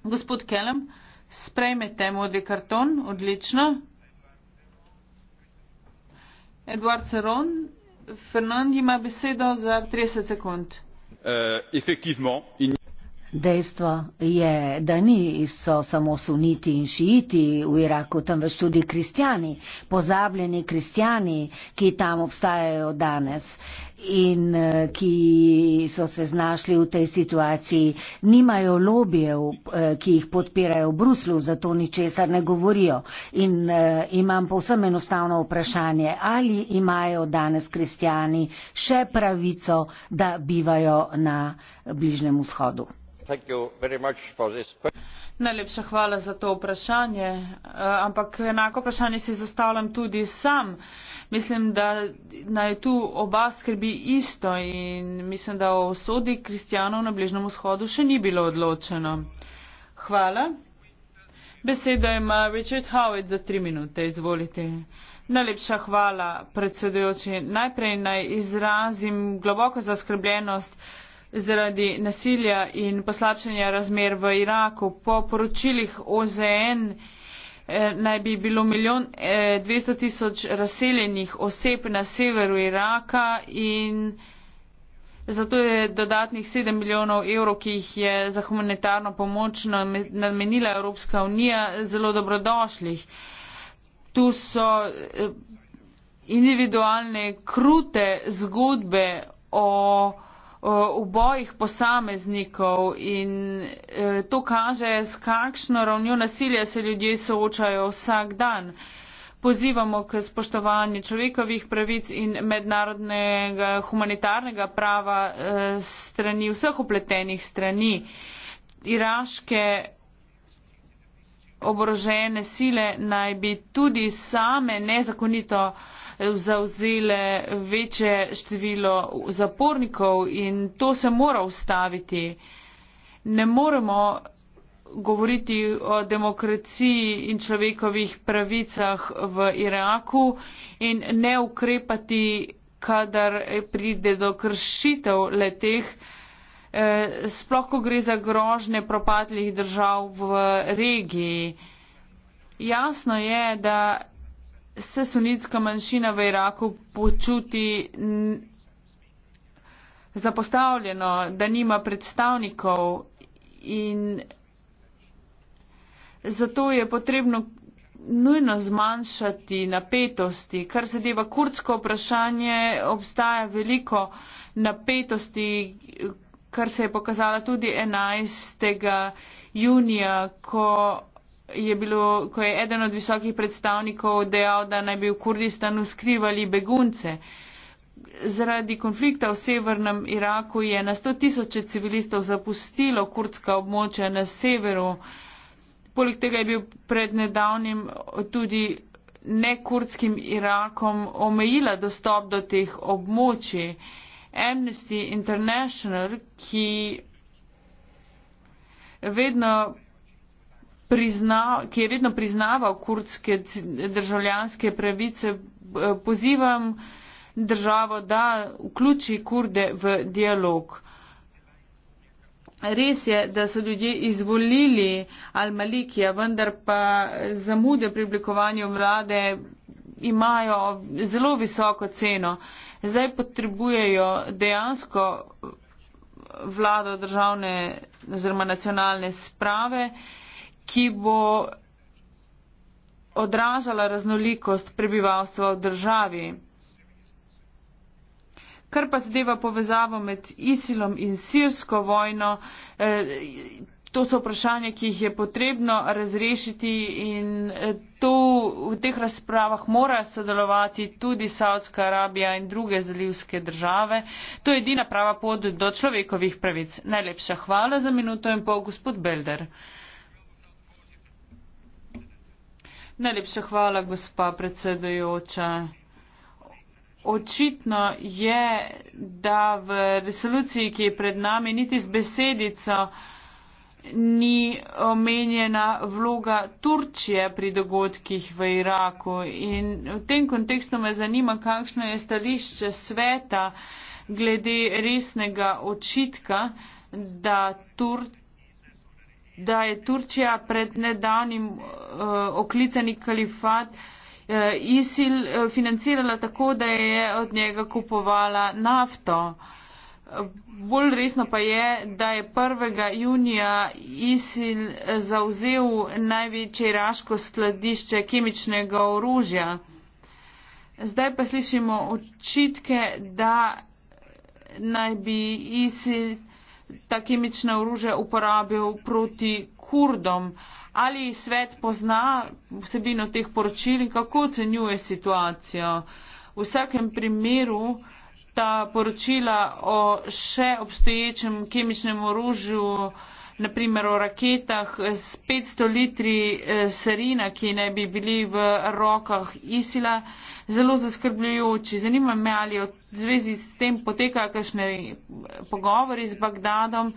C: Gospod Kelam, sprejmete modri karton, odlično. Edward Saron, Fernand ima besedo za 30 sekund.
B: Eh, Dejstvo je, da niso samo suniti in šiiti v Iraku, temveč tudi kristijani, pozabljeni kristijani, ki tam obstajajo danes. Uh, in eh, ki so se znašli v tej situaciji, nimajo lobijev, eh, ki jih podpirajo v Bruslu, zato ničesar ne govorijo. In eh, imam povsem enostavno vprašanje, ali imajo danes kristijani še pravico, da bivajo na Bližnem vzhodu.
C: Najlepša hvala za to vprašanje, ampak enako vprašanje si zastavljam tudi sam mislim, da naj tu oba skrbi isto in mislim, da o sodi kristjanov na Bližnjem vzhodu še ni bilo odločeno. Hvala. Besedo ima Richard Howard za tri minute. Izvolite. Najlepša hvala, predsedujoči. Najprej naj izrazim globoko zaskrbljenost zaradi nasilja in poslabšanja razmer v Iraku. Po poročilih OZN Eh, naj bi bilo milijon eh, dvesto tisoč razseljenih oseb na severu Iraka in zato je dodatnih sedem milijonov evrov, ki jih je za humanitarno pomoč namenila Evropska unija, zelo dobrodošlih. Tu so eh, individualne krute zgodbe o ubojih posameznikov in e, to kaže, s kakšno ravnjo nasilja se ljudje soočajo vsak dan. Pozivamo k spoštovanju človekovih pravic in mednarodnega humanitarnega prava e, strani vseh upletenih strani. Iraške oborožene sile naj bi tudi same nezakonito zauzele večje število zapornikov in to se mora ustaviti. Ne moremo govoriti o demokraciji in človekovih pravicah v Iraku in ne ukrepati, kadar pride do kršitev leteh, eh, sploh ko gre za grožne propadlih držav v regiji. Jasno je, da se sunitska manjšina v Iraku počuti zapostavljeno, da nima predstavnikov in zato je potrebno nujno zmanjšati napetosti. Kar se deva kurdsko vprašanje, obstaja veliko napetosti, kar se je pokazala tudi 11. junija, ko je bilo, ko je eden od visokih predstavnikov dejal, da naj bi v Kurdistanu skrivali begunce. Zaradi konflikta v severnem Iraku je na sto tisoče civilistov zapustilo kurdska območja na severu. Poleg tega je bil pred nedavnim tudi nekurdskim Irakom omejila dostop do teh območij. Amnesty International, ki vedno prizna, ki je redno priznaval kurdske državljanske pravice, eh, pozivam državo, da vključi kurde v dialog. Res je, da so ljudje izvolili Al-Malikija, vendar pa zamude pri oblikovanju vlade imajo zelo visoko ceno. Zdaj potrebujejo dejansko vlado državne oziroma nacionalne sprave ki bo odražala raznolikost prebivalstva v državi. Kar pa zadeva povezavo med Isilom in sirsko vojno, eh, to so vprašanja, ki jih je potrebno razrešiti in eh, to v teh razpravah mora sodelovati tudi Saudska Arabija in druge zalivske države. To je edina prava pot do človekovih pravic. Najlepša hvala za minuto in pol, gospod Belder. Najlepša hvala, gospa predsedujoča. Očitno je, da v resoluciji, ki je pred nami, niti z besedico ni omenjena vloga Turčije pri dogodkih v Iraku. In v tem kontekstu me zanima, kakšno je stališče sveta glede resnega očitka, da Turčija da je Turčija pred nedavnim uh, eh, oklicani kalifat uh, ISIL uh, financirala tako, da je od njega kupovala nafto. Bolj resno pa je, da je 1. junija ISIL zauzel največje iraško skladišče kemičnega orožja. Zdaj pa slišimo očitke, da naj bi ISIL ta kemična oružja uporabil proti kurdom. Ali svet pozna vsebino teh poročil in kako ocenjuje situacijo? V vsakem primeru ta poročila o še obstoječem kemičnem oružju, naprimer o raketah s 500 litri eh, serina, ki naj bi bili v rokah ISIL-a, zelo zaskrbljujoči. Zanima me, ali v zvezi s tem potekajo kakšne eh, pogovori z Bagdadom.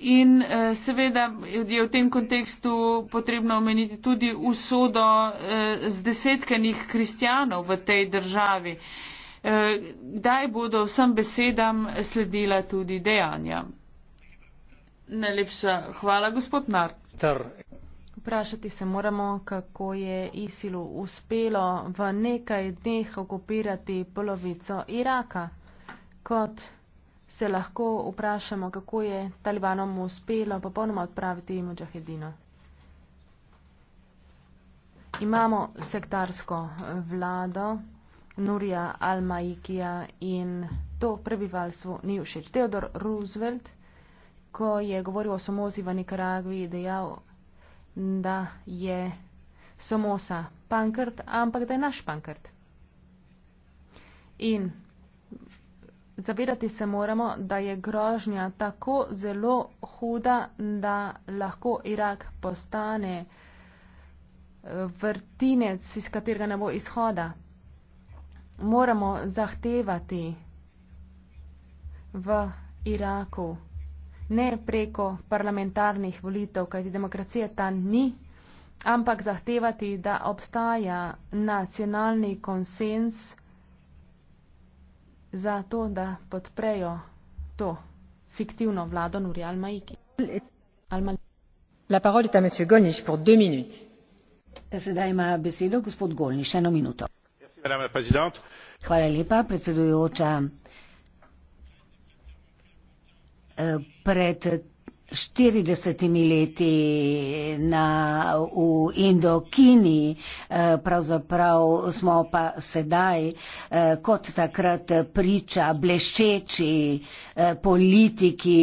C: In eh, seveda je v tem kontekstu potrebno omeniti tudi usodo eh, zdesetkanih kristjanov v tej državi. Eh, kdaj bodo vsem besedam sledila tudi dejanja? Najlepša hvala, gospod Nart vprašati se moramo,
A: kako je Isilu uspelo v nekaj dneh okupirati polovico Iraka, kot se lahko vprašamo, kako je talibanom uspelo popolnoma odpraviti mujahedino. Imamo sektarsko vlado Nurja Al-Maikija in to prebivalstvo ni všeč. Teodor Roosevelt, ko je govoril o somozi v Nikaragvi, dejal, da je Somosa pankrt, ampak da je naš pankrt. In zavedati se moramo, da je grožnja tako zelo huda, da lahko Irak postane eh, vrtinec, iz katerega ne bo izhoda. Moramo zahtevati v Iraku ne preko parlamentarnih volitev, kajti demokracije ta ni, ampak zahtevati, da obstaja nacionalni konsens za to, da podprejo to fiktivno vlado Nuri Al-Maiki.
B: La parole est à monsieur Golnisch pour deux minutes. Ja, sedaj ima besedo gospod Golnisch eno minuto. Hvala lepa, predsedujoča pred 40-imi leti na, v Indokini, eh, pravzaprav smo pa sedaj eh, kot takrat priča bleščeči eh, politiki,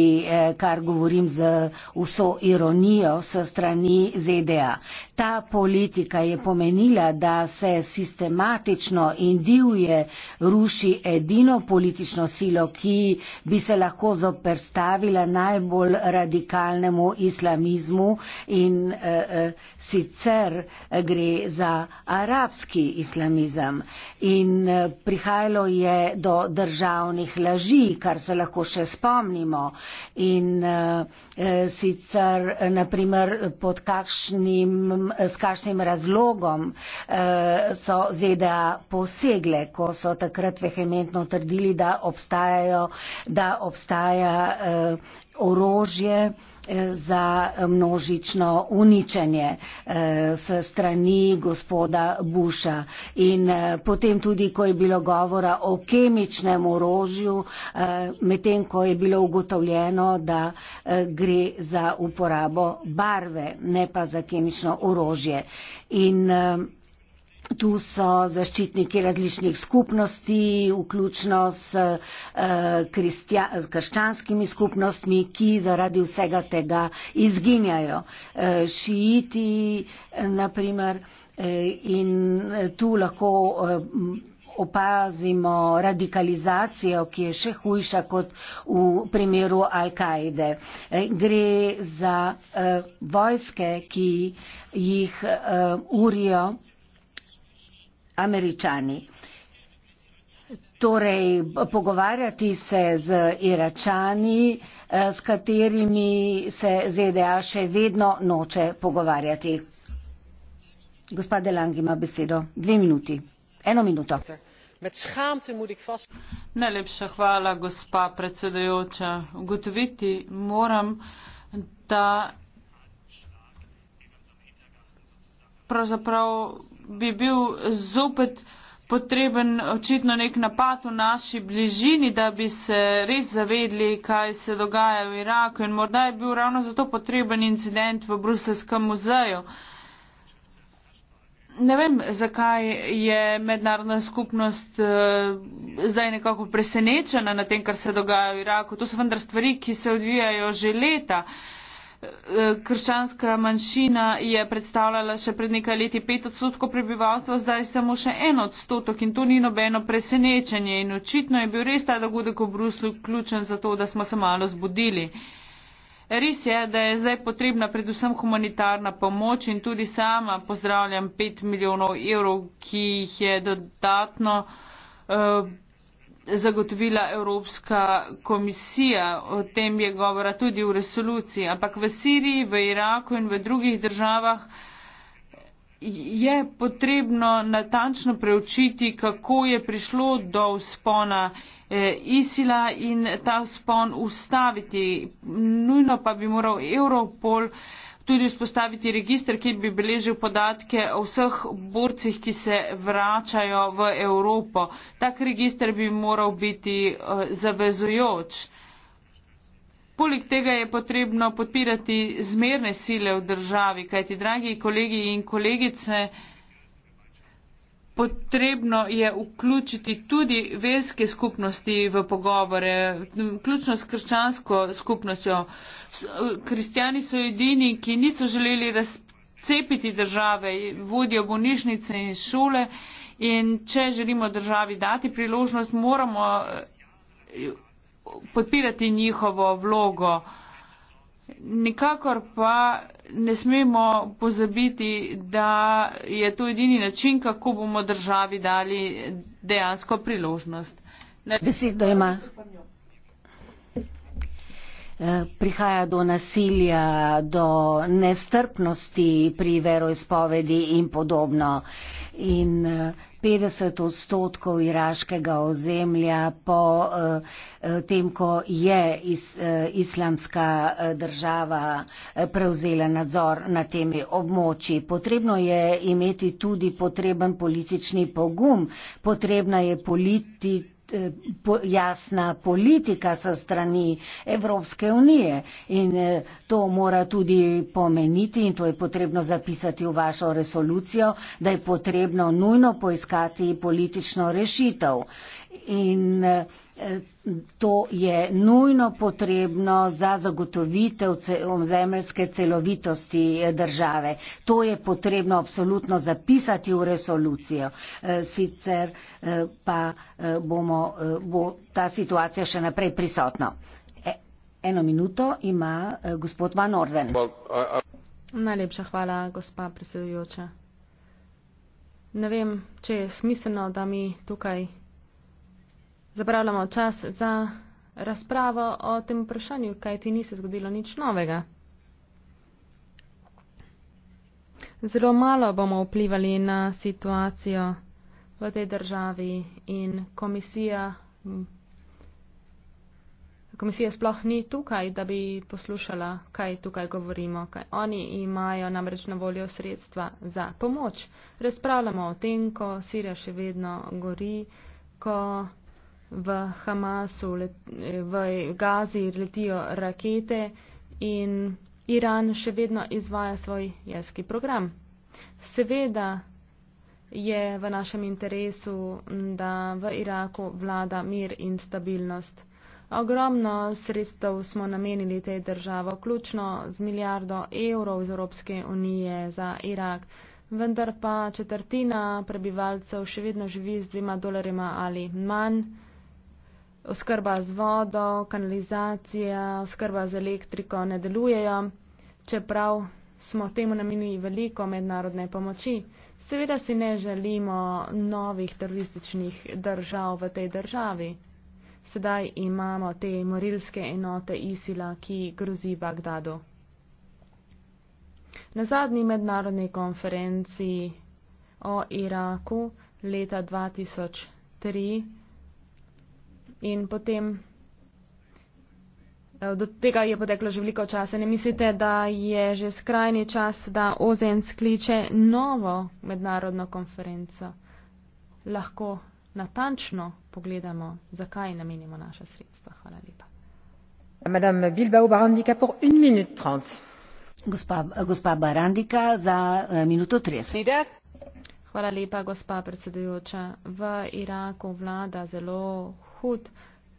B: kar govorim z vso ironijo s strani ZDA. Ta politika je pomenila, da se sistematično in divje ruši edino politično silo, ki bi se lahko zoperstavila najbolj radikalno radikalnemu islamizmu in uh, sicer gre za arabski islamizem. In uh, prihajalo je do državnih laži, kar se lahko še spomnimo. In uh, sicer, naprimer, pod kakšnim, s kakšnim razlogom uh, so ZDA posegle, ko so takrat vehementno trdili, da obstajajo, da obstaja uh, orožje eh, za množično uničenje eh, s strani gospoda Buša. In eh, potem tudi, ko je bilo govora o kemičnem orožju, medtem ko je bilo ugotovljeno, da gre za uporabo barve, ne pa za kemično orožje. In Tu so zaščitniki različnih skupnosti, vključno eh, s krščanskimi skupnostmi, ki zaradi vsega tega izginjajo. Eh, Šijiti, eh, naprimer, in tu lahko opazimo radikalizacijo, ki je še hujša kot v primeru Al-Kaide. Gre za vojske, ki jih urijo američani. Torej, pogovarjati se z Iračani, eh, s katerimi se ZDA še vedno noče pogovarjati. Gospod Delang ima besedo. Dve minuti. Eno minuto.
C: Najlepša hvala, gospa predsedajoča. Ugotoviti moram, da pravzaprav bi bil zopet potreben očitno nek napad v naši bližini, da bi se res zavedli, kaj se dogaja v Iraku in morda je bil ravno zato potreben incident v Bruselskem muzeju. Ne vem, zakaj je mednarodna skupnost eh, zdaj nekako presenečena na tem, kar se dogaja v Iraku. To so vendar stvari, ki se odvijajo že leta. Eh, krščanska manjšina je predstavljala še pred nekaj leti pet odstotkov prebivalstva, zdaj samo še en odstotek in to ni nobeno presenečenje in očitno je bil res ta dogodek v Bruslu ključen za to, da smo se malo zbudili. Res je, da je zdaj potrebna predvsem humanitarna pomoč in tudi sama pozdravljam 5 milijonov evrov, ki jih je dodatno uh, zagotovila Evropska komisija. O tem je govora tudi v resoluciji. Ampak v Siriji, v Iraku in v drugih državah je potrebno natančno preučiti, kako je prišlo do spona eh, Isila in ta spon ustaviti. Nujno pa bi moral Europol tudi vzpostaviti registr, ki bi beležil podatke o vseh borcih, ki se vračajo v Evropo. Tak registr bi moral biti eh, zavezujoč. Poleg tega je potrebno podpirati zmerne sile v državi, kajti dragi kolegi in kolegice, potrebno je vključiti tudi verske skupnosti v pogovore, vključno s krščansko skupnostjo. Kristijani so edini, ki niso želeli razcepiti države, vodijo bonišnice in šole in če želimo državi dati priložnost, moramo eh, podpirati njihovo vlogo. Nikakor pa ne smemo pozabiti, da je to edini način, kako bomo državi dali dejansko priložnost. Besedo ima.
B: Eh, prihaja do nasilja, do nestrpnosti pri veroizpovedi in podobno in 50 eh, odstotkov iraškega ozemlja po eh, eh, tem, ko je is, islamska država prevzela nadzor na temi območji. Potrebno je imeti tudi potreben politični pogum, potrebna je politika Eh, jasna politika sa strani Evropske unije in eh, to mora tudi pomeniti in to je potrebno zapisati v vašo resolucijo, da je potrebno nujno poiskati politično rešitev in eh, to je nujno potrebno za zagotovitev zemljske celovitosti eh, države. To je potrebno apsolutno zapisati v resolucijo. Eh, sicer pa bomo, bo ta situacija še naprej prisotna. E, eno minuto ima gospod Van Orden.
A: Najlepša hvala, gospa predsedujoča. Ne vem, če je smiselno, da mi tukaj zapravljamo čas za razpravo o tem vprašanju, kaj ti ni se zgodilo nič novega. Zelo malo bomo vplivali na situacijo v tej državi in komisija. Komisija sploh ni tukaj, da bi poslušala, kaj tukaj govorimo. Kaj. Oni imajo namreč na voljo sredstva za pomoč. Razpravljamo o tem, ko Sirija še vedno gori, ko v Hamasu, eh, v Gazi letijo rakete in Iran še vedno izvaja svoj jeski program. Seveda je v našem interesu, da v Iraku vlada mir in stabilnost. Ogromno sredstev smo namenili tej državo, ključno z milijardo evrov iz Evropske unije za Irak, vendar pa četrtina prebivalcev še vedno živi z dvima dolarima ali manj oskrba z vodo, kanalizacija, oskrba z elektriko ne delujejo, čeprav smo temu namenili veliko mednarodne pomoči. Seveda si ne želimo novih terorističnih držav v tej državi. Sedaj imamo te morilske enote Isila, ki grozi Bagdadu. Na zadnji mednarodni konferenciji o Iraku leta 2003 in potem eh, do tega je poteklo že veliko časa. Ne mislite, da je že skrajni čas, da OZN skliče novo mednarodno konferenco? Lahko natančno pogledamo, zakaj namenimo naša sredstva. Hvala lepa.
B: Gospa Barandika za eh, minuto 30.
A: Hvala lepa, gospa predsedujoča. V Iraku vlada zelo hud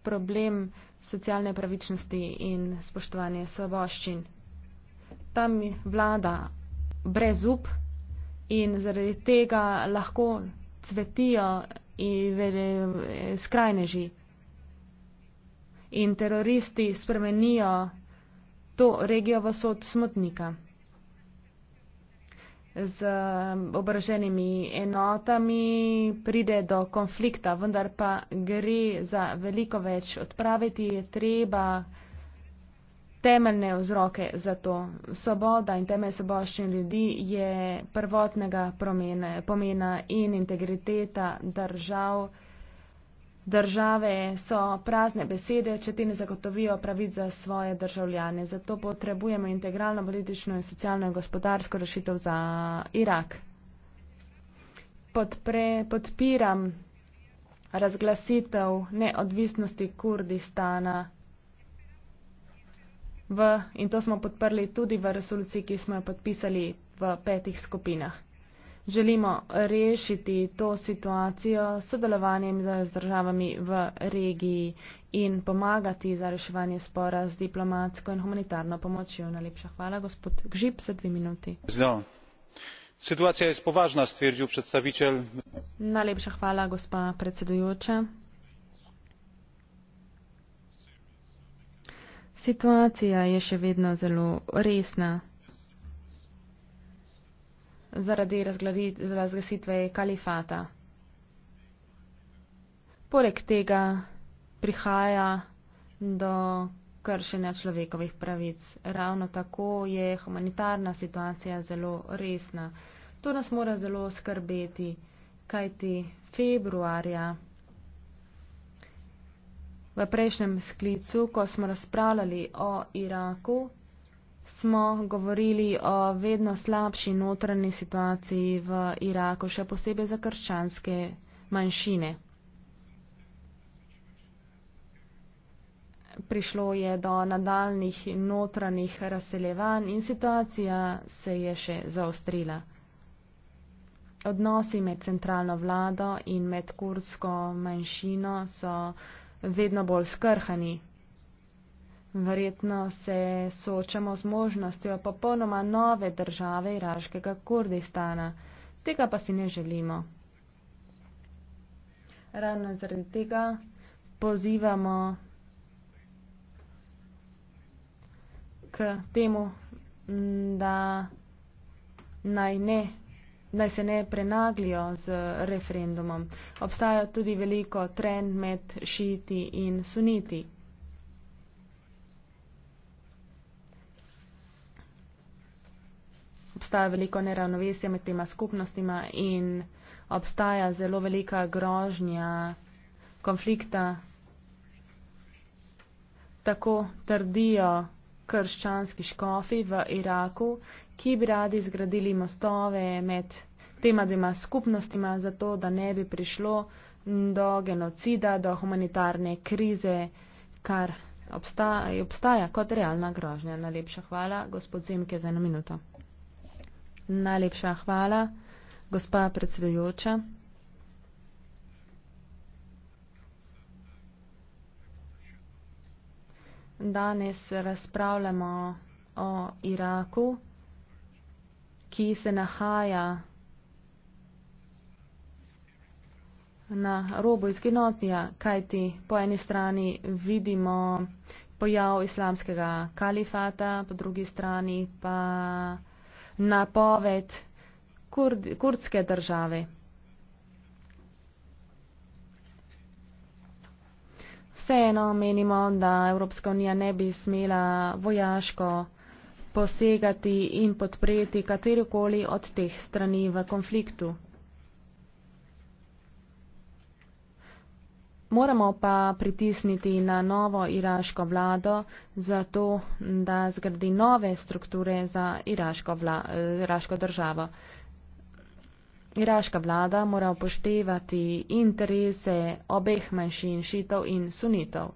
A: problem socialne pravičnosti in spoštovanje svoboščin. Tam vlada brez up in zaradi tega lahko cvetijo in eh, skrajneži. In teroristi spremenijo to regijo v sod smutnika z um, oboroženimi enotami pride do konflikta, vendar pa gre za veliko več. Odpraviti je treba temeljne vzroke za to. Svoboda in temelj svoboščin ljudi je prvotnega pomena in integriteta držav države so prazne besede, če ti ne zagotovijo pravic za svoje državljane. Zato potrebujemo integralno politično in socialno in gospodarsko rešitev za Irak. Podpre, podpiram razglasitev neodvisnosti Kurdistana. V, in to smo podprli tudi v resoluciji, ki smo jo podpisali v petih skupinah želimo rešiti to situacijo s sodelovanjem z državami v regiji in pomagati za reševanje spora z diplomatsko in humanitarno pomočjo. Najlepša hvala, gospod Gžip, za dve minuti.
C: Zdaj. Situacija je spovažna, stvrdil predstavitelj.
A: Najlepša hvala, gospa predsedujoča. Situacija je še vedno zelo resna zaradi razglasitve kalifata. Poleg tega prihaja do kršenja človekovih pravic. Ravno tako je humanitarna situacija zelo resna. To nas mora zelo skrbeti, kajti februarja v prejšnjem sklicu, ko smo razpravljali o Iraku, smo govorili o vedno slabši notranji situaciji v Iraku, še posebej za krščanske manjšine. Prišlo je do nadaljnih notranjih razseljevanj in situacija se je še zaostrila. Odnosi med centralno vlado in med kurdsko manjšino so vedno bolj skrhani. Verjetno se soočamo z možnostjo popolnoma nove države iraškega Kurdistana. Tega pa si ne želimo. Ravno zaradi tega pozivamo k temu, da naj, ne, naj se ne prenaglijo z referendumom. Obstaja tudi veliko trend med šiti in suniti. obstaja veliko neravnovesja med tema skupnostima in obstaja zelo velika grožnja konflikta. Tako trdijo krščanski škofi v Iraku, ki bi radi zgradili mostove med tema dvema skupnostima, zato da ne bi prišlo do genocida, do humanitarne krize, kar obstaja, obstaja kot realna grožnja. Najlepša hvala, gospod Zemke, za eno minuto. Najlepša hvala, gospa predsedujoča. Danes razpravljamo o Iraku, ki se nahaja na robu izginotnja, kajti po eni strani vidimo pojav islamskega kalifata, po drugi strani pa napoved kurd, kurdske države. Vseeno menimo, da Evropska unija ne bi smela vojaško posegati in podpreti katerokoli od teh strani v konfliktu. Moramo pa pritisniti na novo iraško vlado, zato da zgradi nove strukture za iraško, vla, iraško državo. Iraška vlada mora upoštevati interese obeh manjšin šitov in sunitov.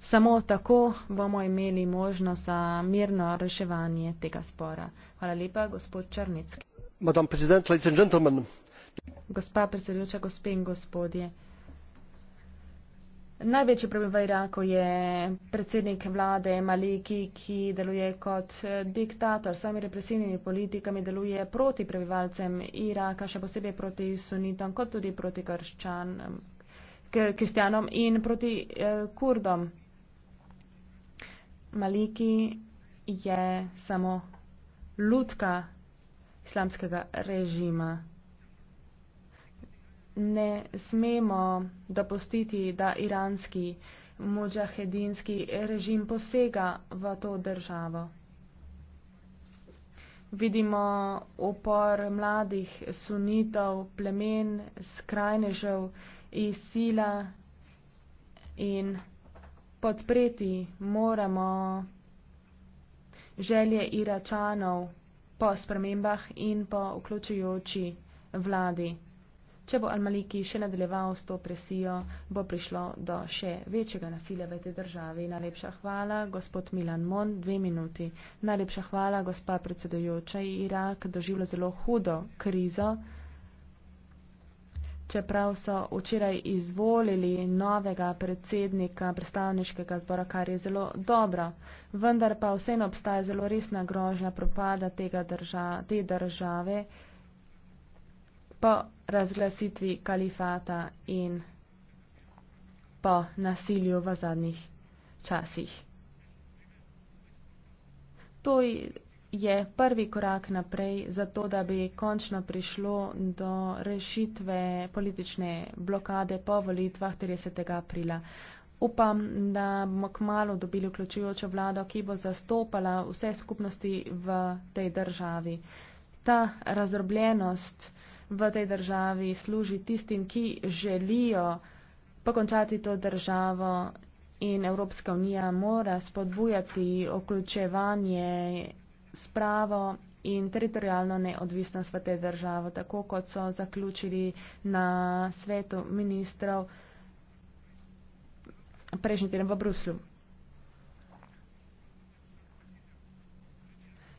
A: Samo tako bomo imeli možnost za mirno reševanje tega spora. Hvala lepa, gospod Črnitski. Gospa predsedujoča, gospe in gospodje. Največji problem v Iraku je predsednik vlade Maliki, ki deluje kot eh, diktator. S svojimi represivnimi politikami deluje proti prebivalcem Iraka, še posebej proti sunitom, kot tudi proti krščan, kristjanom in proti eh, kurdom. Maliki je samo lutka islamskega režima ne smemo dopustiti, da iranski mođahedinski režim posega v to državo. Vidimo upor mladih sunitov, plemen, skrajnežev in sila in podpreti moramo želje iračanov po spremembah in po vključujoči vladi če bo Al-Maliki še nadaljeval s to presijo, bo prišlo do še večjega nasilja v tej državi. Najlepša hvala, gospod Milan Mon, dve minuti. Najlepša hvala, gospa predsedujoča. Irak doživlja zelo hudo krizo. Čeprav so včeraj izvolili novega predsednika predstavniškega zbora, kar je zelo dobro, vendar pa vseeno obstaja zelo resna grožnja propada tega drža, te države po razglasitvi kalifata in po nasilju v zadnjih časih. To je prvi korak naprej za to, da bi končno prišlo do rešitve politične blokade po volitvah 30. aprila. Upam, da bomo k malu dobili vključujočo vlado, ki bo zastopala vse skupnosti v tej državi. Ta razrobljenost v tej državi služi tistim, ki želijo pokončati to državo in Evropska unija mora spodbujati vključevanje spravo in teritorijalno neodvisnost v tej državi, tako kot so zaključili na svetu ministrov prejšnji teden v Bruslu.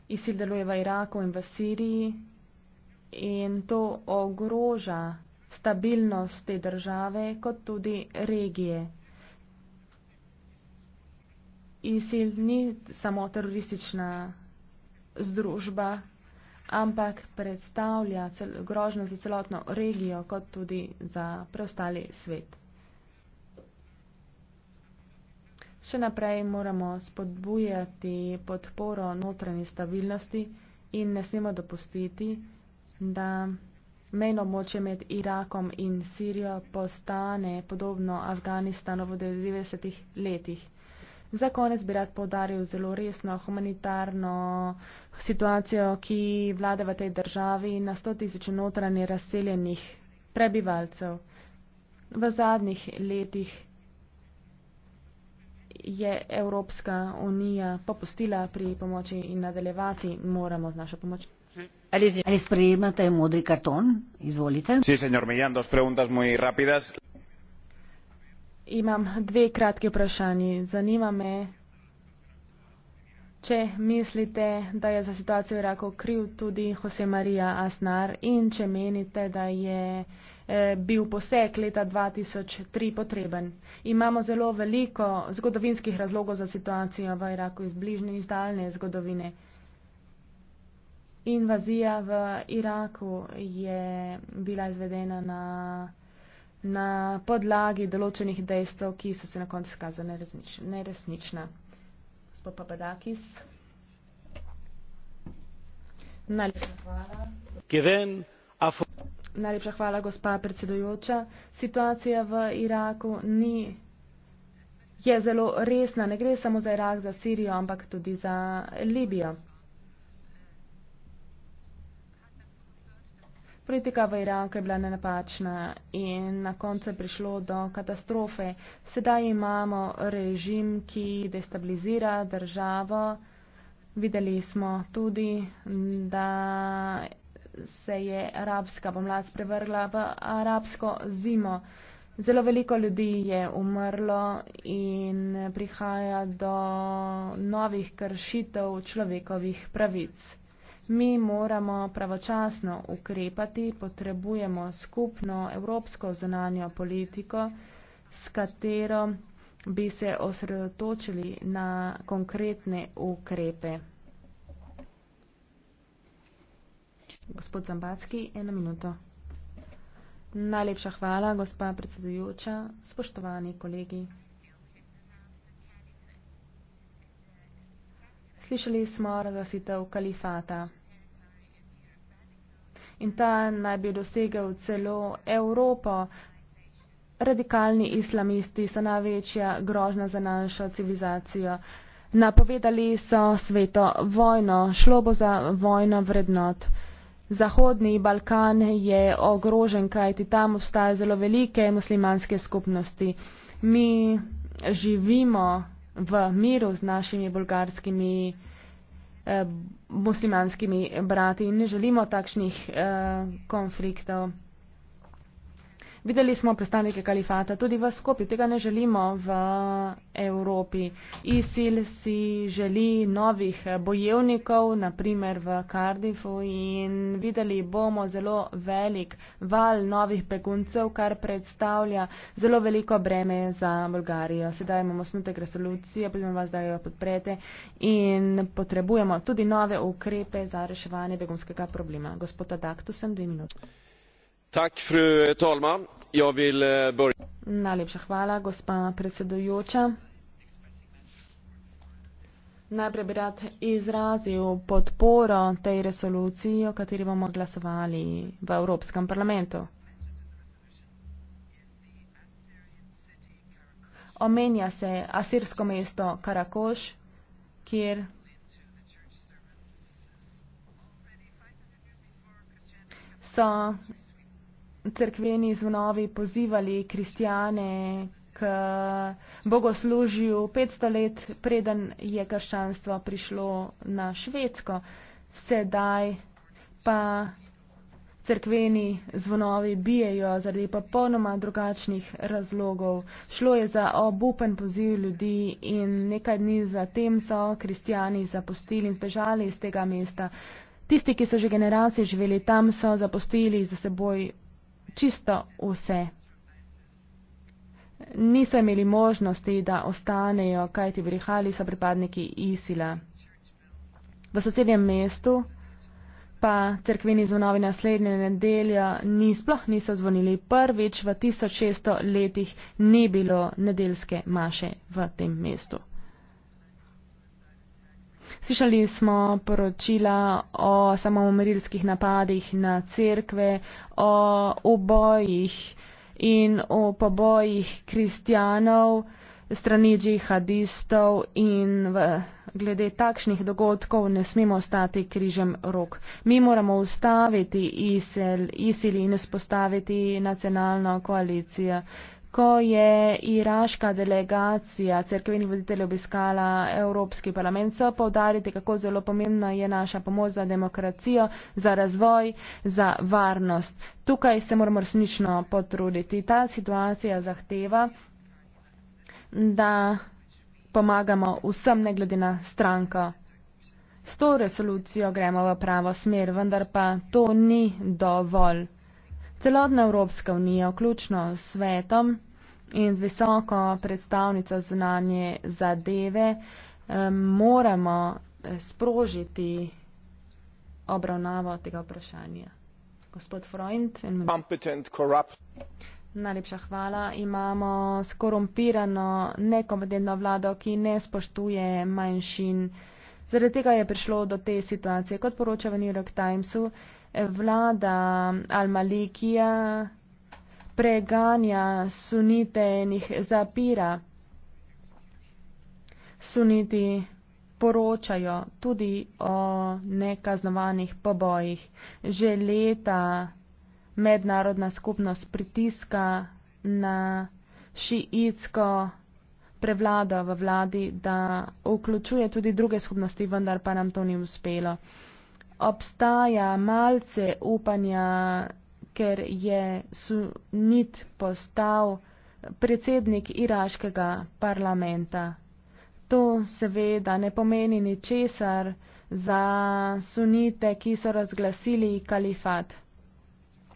A: ISIL deluje v Iraku in v Siriji, in to ogroža stabilnost te države kot tudi regije. ISIL ni samo teroristična združba, ampak predstavlja cel, grožno za celotno regijo kot tudi za preostali svet. Še naprej moramo spodbujati podporo notranje stabilnosti in ne smemo dopustiti, da mejno moče med Irakom in Sirijo postane podobno Afganistanu v 90-ih letih. Za konec bi rad povdaril zelo resno humanitarno situacijo, ki vlade v tej državi na 100 tisoč notranje razseljenih prebivalcev. V zadnjih letih je Evropska unija popustila pri pomoči in nadaljevati moramo z našo pomočjo imam dve kratki vprašanji. Zanima me, če mislite, da je za situacijo v Iraku kriv tudi Jose Marija Asnar in če menite, da je eh, bil poseg leta 2003 potreben. Imamo zelo veliko zgodovinskih razlogov za situacijo v Iraku iz bližnje in zdaljne zgodovine invazija v Iraku je bila izvedena na, na podlagi določenih dejstev, ki so se na koncu skazali neresnična. Gospod Papadakis. Najlepša
C: hvala.
A: Najlepša hvala, gospa predsedujoča. Situacija v Iraku ni, je zelo resna. Ne gre samo za Irak, za Sirijo, ampak tudi za Libijo. Politika v Iraku je bila nenapačna in na koncu je prišlo do katastrofe. Sedaj imamo režim, ki destabilizira državo. Videli smo tudi, da se je arabska pomlad sprevrgla v arabsko zimo. Zelo veliko ljudi je umrlo in prihaja do novih kršitev človekovih pravic. Mi moramo pravočasno ukrepati, potrebujemo skupno evropsko zunanjo politiko, s katero bi se osredotočili na konkretne ukrepe. Gospod Zambacki, eno minuto. Najlepša hvala, gospa predsedujoča, spoštovani kolegi. Slišali smo razglasitev kalifata in ta naj bi dosegel celo Evropo. Radikalni islamisti so največja grožna za našo civilizacijo. Napovedali so sveto vojno, šlo bo za vojno vrednot. Zahodni Balkan je ogrožen, kajti tam obstaje zelo velike muslimanske skupnosti. Mi živimo v miru z našimi bulgarskimi Eh, muslimanskimi brati in ne želimo takšnih eh, konfliktov. Videli smo predstavnike kalifata, tudi v Skopju. Tega ne želimo v Evropi. ISIL si želi novih bojevnikov, naprimer v Cardiffu in videli bomo zelo velik val novih beguncev, kar predstavlja zelo veliko breme za Bolgarijo. Sedaj imamo snutek resolucije, pridemo vas, da jo podprete in potrebujemo tudi nove ukrepe za reševanje begunskega problema. Gospod Adaktusen, dve minuti.
B: Eh,
A: najlepša hvala gospa predsedujoča najprej bi rad izrazil podporo tej resoluciji o kateri bomo glasovali v evropskem parlamentu omenja se asirsko mesto karakoš kjer so crkveni zvonovi pozivali kristijane k bogoslužju 500 let, preden je krščanstvo prišlo na švedsko. Sedaj pa crkveni zvonovi bijejo zaradi popolnoma drugačnih razlogov. Šlo je za obupen poziv ljudi in nekaj dni zatem so kristijani zapustili in zbežali iz tega mesta. Tisti, ki so že generacije živeli tam, so zapustili za seboj čisto vse. Niso imeli možnosti, da ostanejo, kajti brihali so pripadniki Isila. V sosednjem mestu pa crkveni zvonovi naslednje nedeljo ni, sploh niso zvonili prvič v 1600 letih, ni bilo nedeljske maše v tem mestu. Slišali smo poročila o samomorilskih napadih na cerkve, o obojih in o pobojih kristjanov strani džihadistov in v, glede takšnih dogodkov ne smemo ostati križem rok. Mi moramo ustaviti ISIL, ISIL in spostaviti nacionalno koalicijo ko je iraška delegacija crkvenih voditeljev obiskala Evropski parlament, so povdariti, kako zelo pomembna je naša pomoč za demokracijo, za razvoj, za varnost. Tukaj se moramo resnično potruditi. Ta situacija zahteva, da pomagamo vsem, ne glede na stranko. S to resolucijo gremo v pravo smer, vendar pa to ni dovolj. Celotna Evropska unija, vključno s svetom in z visoko predstavnico zunanje zadeve, moramo eh, sprožiti obravnavo tega vprašanja. Gospod Freund. Competent, corrupt. Najlepša hvala. Imamo skorumpirano, nekompetentno vlado, ki ne spoštuje manjšin. Zaradi tega je prišlo do te situacije, kot poroča v New York Timesu vlada Al-Malikija preganja sunite in jih zapira. Suniti poročajo tudi o nekaznovanih pobojih. Že leta mednarodna skupnost pritiska na šiitsko prevlado v vladi, da vključuje tudi druge skupnosti, vendar pa nam to ni uspelo obstaja malce upanja, ker je sunit postal predsednik iraškega parlamenta. To seveda ne pomeni ničesar za sunite, ki so razglasili kalifat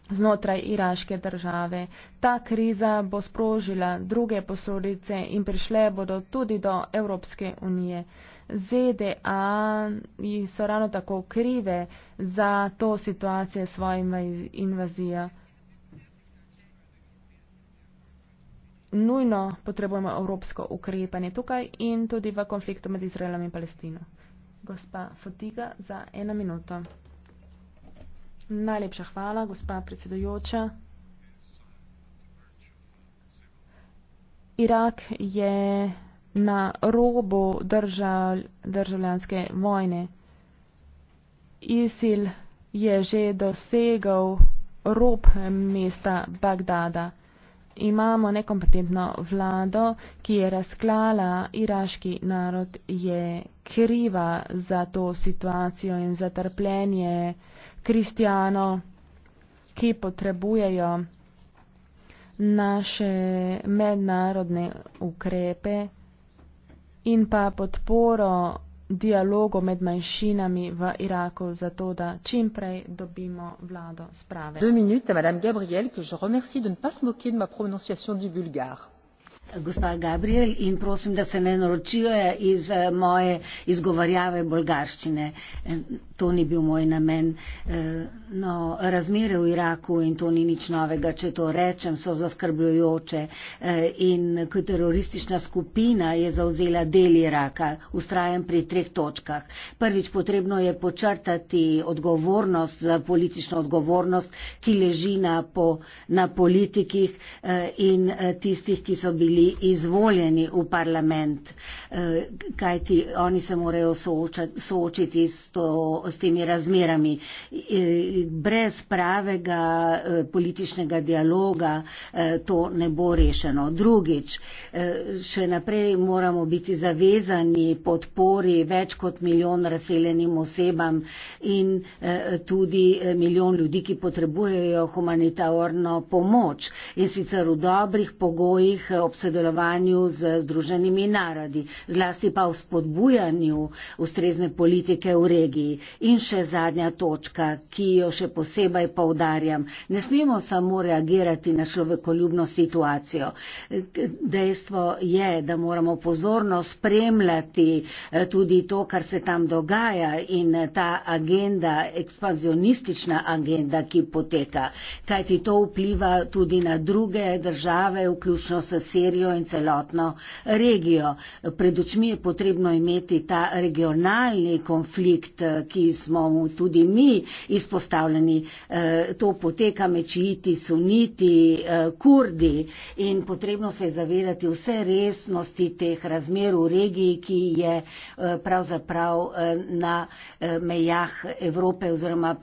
A: znotraj iraške države. Ta kriza bo sprožila druge posledice in prišle bodo tudi do Evropske unije. ZDA so ravno tako krive za to situacijo svojima invazija. Nujno potrebujemo evropsko ukrepanje tukaj in tudi v konfliktu med Izraelom in Palestino. Gospa Fotiga za eno minuto. Najlepša hvala, gospa predsedujoča. Irak je na robu držav, državljanske vojne. ISIL je že dosegal rob mesta Bagdada. Imamo nekompetentno vlado, ki je razklala iraški narod, je kriva za to situacijo in za trpljenje kristijano, ki potrebujejo naše mednarodne ukrepe in pa podporo dialogu med manjšinami v Iraku, zato da čim prej dobimo vlado sprave. Dve minute, madame Gabriel, ki jo hvala, da ne pas moki od moje pronunciacije di bulgar. Gospa
B: Gabriel in prosim, da se ne naročijo iz eh, moje izgovarjave bolgarščine to ni bil moj namen. Eh, no, razmere v Iraku in to ni nič novega, če to rečem, so zaskrbljujoče eh, in teroristična skupina je zauzela del Iraka, ustrajem pri treh točkah. Prvič potrebno je počrtati odgovornost za politično odgovornost, ki leži na, po, na politikih eh, in tistih, ki so bili izvoljeni v parlament, kajti oni se morajo soočati s, to, s temi razmerami. E, brez pravega e, političnega dialoga e, to ne bo rešeno. Drugič, še naprej moramo biti zavezani podpori več kot milijon razseljenim osebam in tudi milijon ljudi, ki potrebujejo humanitarno pomoč in sicer v dobrih pogojih ob sodelovanju z združenimi narodi, zlasti pa v spodbujanju ustrezne politike v regiji. In še zadnja točka, ki jo še posebej povdarjam. Ne smemo samo reagirati na človekoljubno situacijo. Dejstvo je, da moramo pozorno spremljati eh, tudi to, kar se tam dogaja in eh, ta agenda, ekspanzionistična agenda, ki poteka. Kajti to vpliva tudi na druge države, vključno s Sirijo in celotno regijo. Pred očmi je potrebno imeti ta regionalni konflikt, eh, ki smo mu tudi mi izpostavljeni. Eh, to poteka med čiiti, suniti, eh, kurdi in potrebno se je zavedati vse resnosti teh razmer v regiji, ki je eh, pravzaprav na mejah Evrope oziroma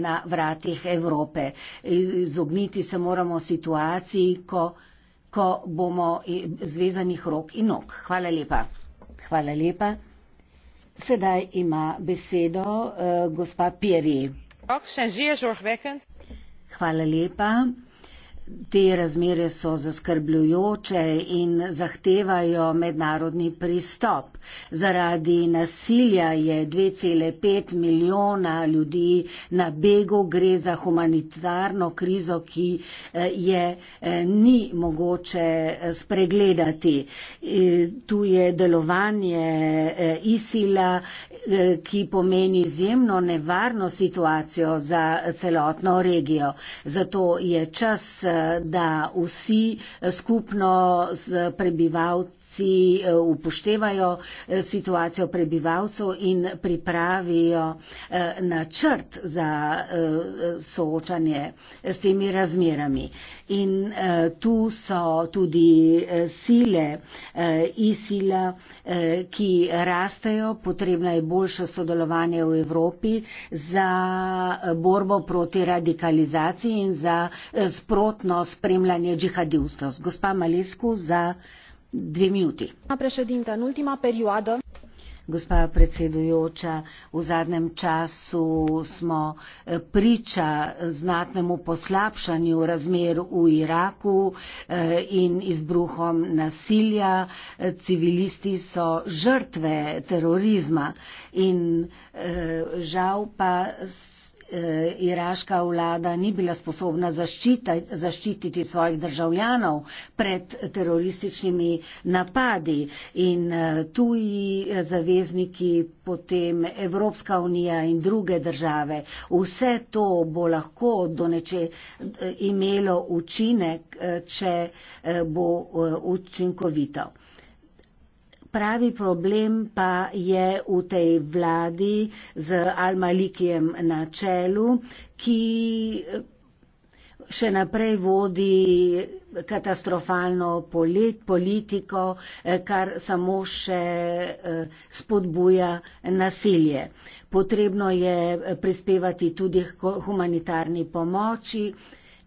B: na vratih Evrope. Izogniti se moramo situaciji, ko ko bomo zvezanih rok in nog. Hvala lepa. Hvala lepa. Sedaj ima besedo uh, gospa Pieri. Hvala lepa. Te razmere so zaskrbljujoče in zahtevajo mednarodni pristop. Zaradi nasilja je 2,5 milijona ljudi na begu, gre za humanitarno krizo, ki eh, je eh, ni mogoče eh, spregledati. Tu je delovanje ISIL-a, ki pomeni izjemno nevarno situacijo za celotno regijo. Zato je čas da vsi eh, skupno z prebivalci si eh, upoštevajo eh, situacijo prebivalcev in pripravijo eh, načrt za soočanje s temi razmerami. In tu so tudi sile ISIL-a, ki rastejo, potrebna je boljše sodelovanje v Evropi za borbo proti radikalizaciji in za sprotno spremljanje džihadivstva. Gospa Malesku za gospa predsedujoča v zadnjem času smo eh, priča znatnemu poslabšanju razmer v iraku eh, in izbruhom nasilja eh, civilisti so žrtve terorizma in žal pa se eh, iraška vlada ni bila sposobna zaščita, zaščititi svojih državljanov pred terorističnimi napadi in eh, tuji eh, zavezniki, potem Evropska unija in druge države. Vse to bo lahko do neče eh, imelo učinek, eh, če eh, bo eh, učinkovito. Eh, Pravi problem pa je v tej vladi z Al-Malikijem na čelu, ki še naprej vodi katastrofalno politiko, eh, kar samo še eh, spodbuja nasilje. Potrebno je eh, prispevati tudi k humanitarni pomoči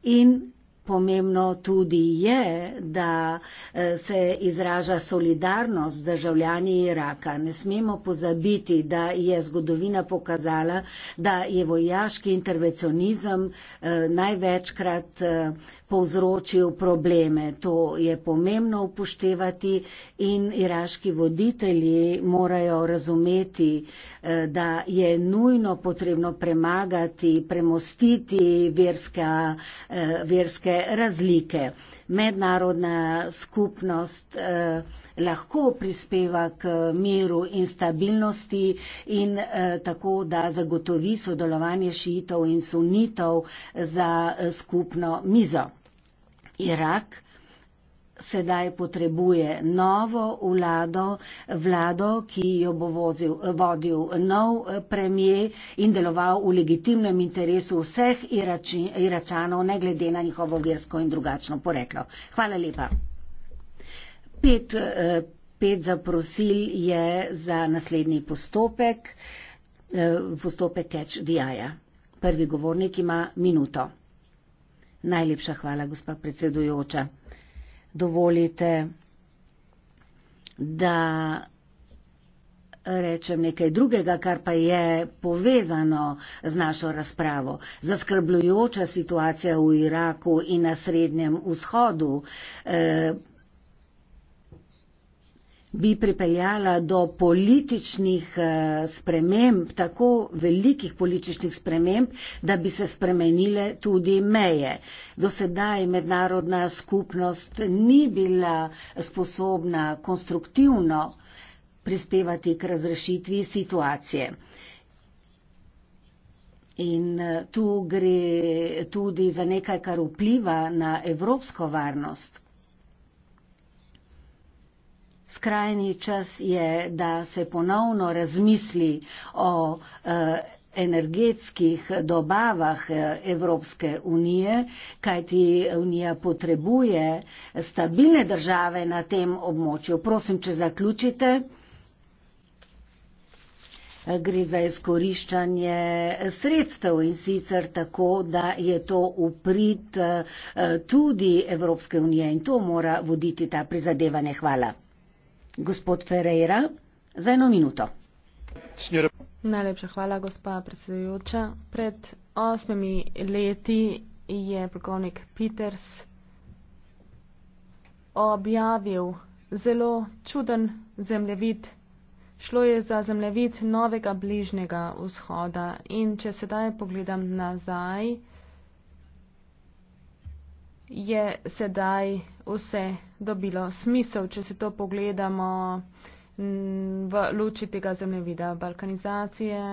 B: in pomembno tudi je, da eh, se izraža solidarnost z državljani Iraka. Ne smemo pozabiti, da je zgodovina pokazala, da je vojaški intervencionizem eh, največkrat eh, povzročil probleme. To je pomembno upoštevati in iraški voditelji morajo razumeti, da je nujno potrebno premagati, premostiti verska, verske razlike. Mednarodna skupnost eh, lahko prispeva k miru in stabilnosti in eh, tako, da zagotovi sodelovanje šitov in sunitov za eh, skupno mizo. Irak sedaj potrebuje novo vlado, vlado, ki jo bo vozil, vodil nov eh, premijer in deloval v legitimnem interesu vseh irači, iračanov, ne glede na njihovo versko in drugačno poreklo. Hvala lepa. Pet, eh, pet zaprosil je za naslednji postopek, eh, postopek Catch the Eye. Prvi govornik ima minuto. Najlepša hvala, gospod predsedujoča dovolite, da rečem nekaj drugega, kar pa je povezano z našo razpravo. Zaskrbljujoča situacija v Iraku in na Srednjem vzhodu. Eh, bi pripeljala do političnih eh, sprememb, tako velikih političnih sprememb, da bi se spremenile tudi meje. Do sedaj mednarodna skupnost ni bila sposobna konstruktivno prispevati k razrešitvi situacije. In eh, tu gre tudi za nekaj, kar vpliva na evropsko varnost. Skrajni čas je, da se ponovno razmisli o eh, energetskih dobavah eh, Evropske unije, kajti unija potrebuje stabilne države na tem območju. Prosim, če zaključite. Gre za izkoriščanje sredstev in sicer tako, da je to uprit eh, tudi Evropske unije in to mora voditi ta prizadevanje. Hvala gospod Ferreira, za eno minuto.
A: Najlepša hvala, gospa predsedujoča. Pred osmimi leti je prokovnik Peters objavil zelo čuden zemljevid. Šlo je za zemljevid novega bližnjega vzhoda in če sedaj pogledam nazaj, je sedaj vse dobilo smisel, če se to pogledamo v luči tega zemljevida. Balkanizacija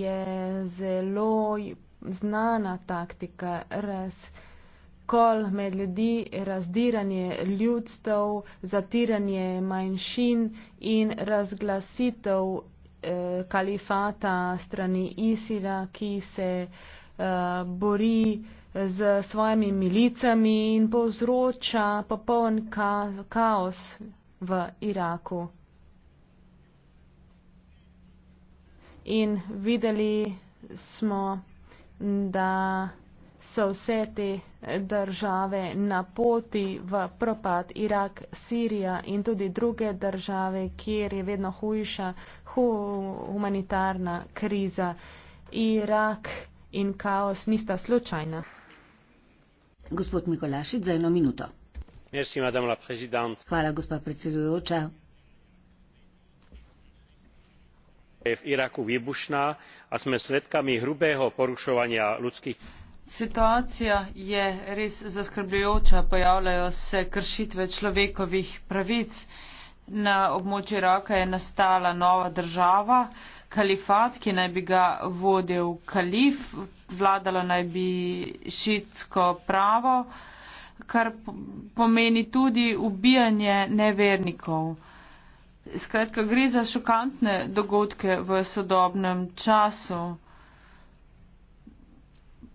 A: je zelo znana taktika res kol med ljudi, razdiranje ljudstv, zatiranje manjšin in razglasitev eh, kalifata strani Isila, ki se eh, bori eh, z svojimi milicami in povzroča popoln ka kaos v Iraku. In videli smo, da so vse te države na poti v propad Irak, Sirija in tudi druge države, kjer je vedno hujša hu humanitarna kriza. Irak in kaos nista slučajna gospod Mikolašič za eno minuto. Merci, la Hvala, gospa predsedujoča.
B: Je v Iraku vybušná
A: a sme svedkami hrubého porušovania ľudských
C: Situacija je res zaskrbljujoča, pojavljajo se kršitve človekovih pravic. Na območju Iraka je nastala nova država, kalifat, ki naj bi ga vodil kalif, vladalo naj bi šitsko pravo, kar pomeni tudi ubijanje nevernikov. Skratka, gre za šokantne dogodke v sodobnem času.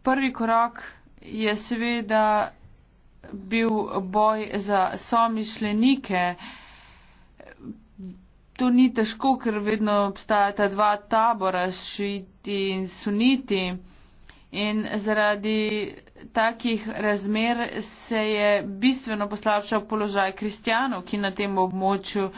C: Prvi korak je seveda bil boj za somišljenike, to ni težko, ker vedno obstajata dva tabora, šiti in suniti. In zaradi takih razmer se je bistveno poslabšal položaj kristijanov, ki na tem območju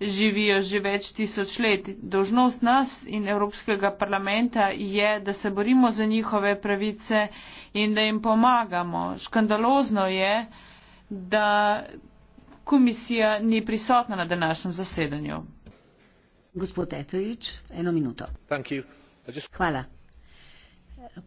C: živijo že več tisoč let. Dožnost nas in Evropskega parlamenta je, da se borimo za njihove pravice in da jim pomagamo. Škandalozno je, da komisija ni prisotna na današnjem zasedanju
B: hvala.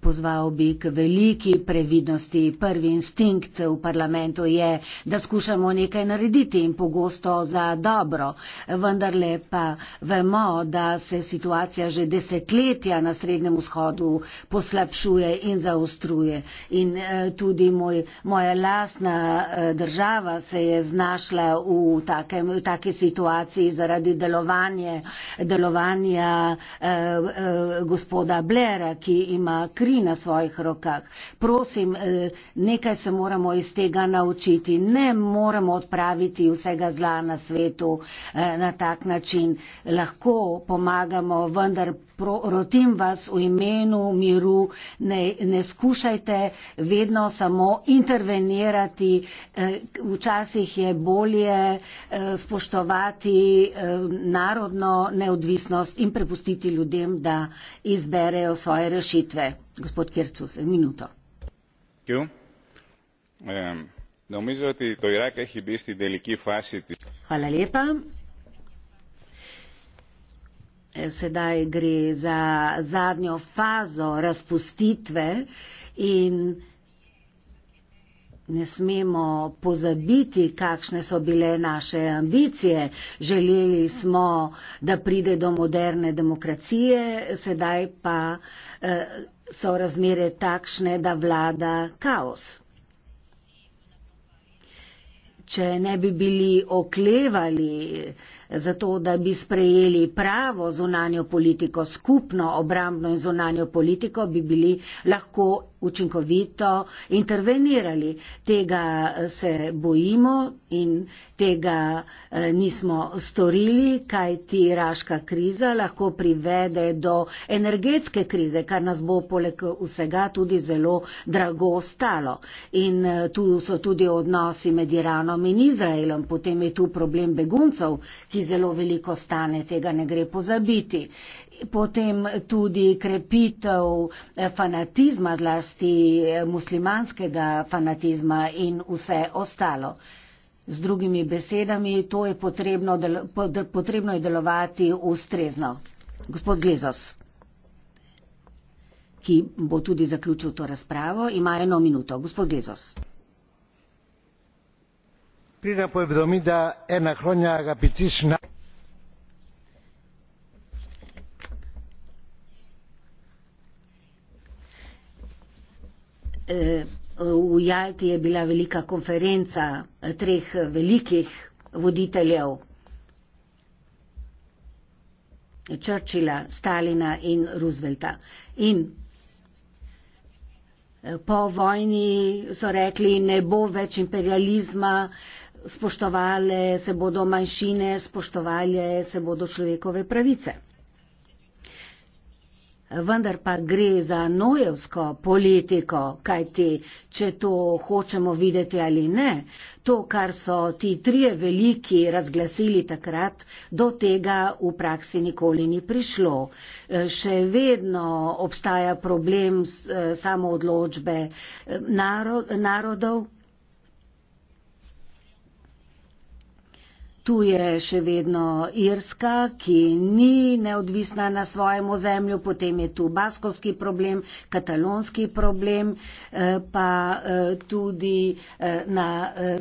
B: Pozval bi k veliki previdnosti. Prvi instinkt v parlamentu je, da skušamo nekaj narediti in pogosto za dobro. Vendar le pa vemo, da se situacija že desetletja na Srednjem vzhodu poslabšuje in zaostruje. In eh, tudi moj, moja lastna eh, država se je znašla v, take, v take situaciji zaradi delovanja, delovanja eh, eh, gospoda Blera, ki ima kri na svojih rokah. Prosim, eh, nekaj se moramo iz tega naučiti. Ne moremo odpraviti vsega zla na svetu eh, na tak način. Lahko pomagamo, vendar Protim vas v imenu miru, ne, ne skušajte vedno samo intervenirati. Eh, včasih je bolje eh, spoštovati eh, narodno neodvisnost in prepustiti ljudem, da izberejo svoje rešitve. Gospod Kircus, minuto. Hvala lepa sedaj gre za zadnjo fazo razpustitve in ne smemo pozabiti, kakšne so bile naše ambicije. Želeli smo, da pride do moderne demokracije, sedaj pa eh, so razmere takšne, da vlada kaos. Če ne bi bili oklevali, zato da bi sprejeli pravo zunanjo politiko, skupno obrambno in zunanjo politiko, bi bili lahko učinkovito intervenirali. Tega eh, se bojimo in tega eh, nismo storili, kaj ti raška kriza lahko privede do energetske krize, kar nas bo poleg vsega tudi zelo drago stalo. In eh, tu so tudi odnosi med Iranom in Izraelom, potem je tu problem beguncev, ki ki zelo veliko stane, tega ne gre pozabiti. Potem tudi krepitev eh, fanatizma, zlasti eh, muslimanskega fanatizma in vse ostalo. Z drugimi besedami, to je potrebno, del, potrebno je delovati ustrezno. Gospod Glezos, ki bo tudi zaključil to razpravo, ima eno minuto. Gospod Glezos
C: πριν από 71 χρόνια αγαπητή συνάδελφε.
B: V Jalti je bila velika konferenca treh velikih voditeljev, Churchilla, Stalina in Roosevelta. In po vojni so rekli, ne bo več imperializma, spoštovale se bodo manjšine, spoštovale se bodo človekove pravice. Vendar pa gre za nojevsko politiko, kajti, če to hočemo videti ali ne, to, kar so ti trije veliki razglasili takrat, do tega v praksi nikoli ni prišlo. Še vedno obstaja problem eh, samoodločbe eh, narodov tu je še vedno Irska, ki ni neodvisna na svojem ozemlju, potem je tu baskovski problem, katalonski problem, eh, pa eh, tudi eh, na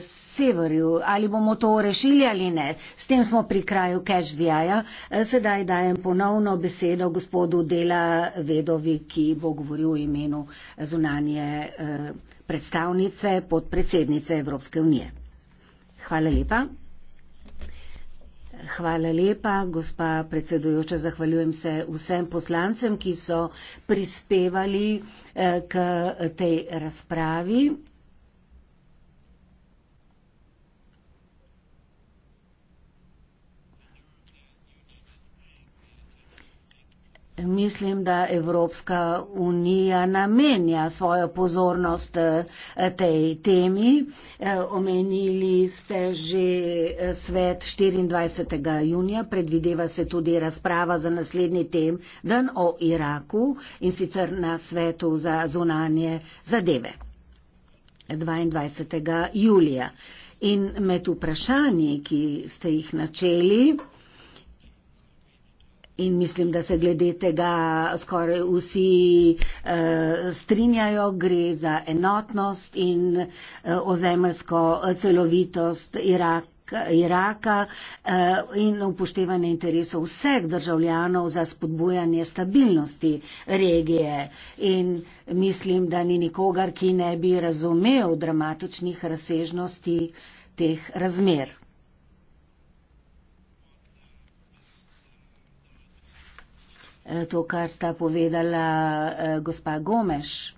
B: severju. Ali bomo to rešili ali ne? S tem smo pri kraju Kečdijaja. Sedaj dajem ponovno besedo gospodu Dela Vedovi, ki bo govoril v imenu zunanje predstavnice, podpredsednice Evropske unije. Hvala lepa. Hvala lepa, gospa predsedujoča. Zahvaljujem se vsem poslancem, ki so prispevali eh, k tej razpravi. Mislim, da Evropska unija namenja svojo pozornost eh, tej temi. Eh, omenili ste že eh, svet 24. junija, predvideva se tudi razprava za naslednji tem dan o Iraku in sicer na svetu za zunanje zadeve 22. julija. In med vprašanji, ki ste jih načeli, In mislim, da se glede tega skoraj vsi eh, strinjajo, gre za enotnost in eh, ozemeljsko eh, celovitost Irak. Iraka eh, in upoštevanje interesov vseh državljanov za spodbujanje stabilnosti regije. In mislim, da ni nikogar, ki ne bi razumel dramatičnih razsežnosti teh razmer. Eh, to, kar sta povedala eh, gospa Gomeš.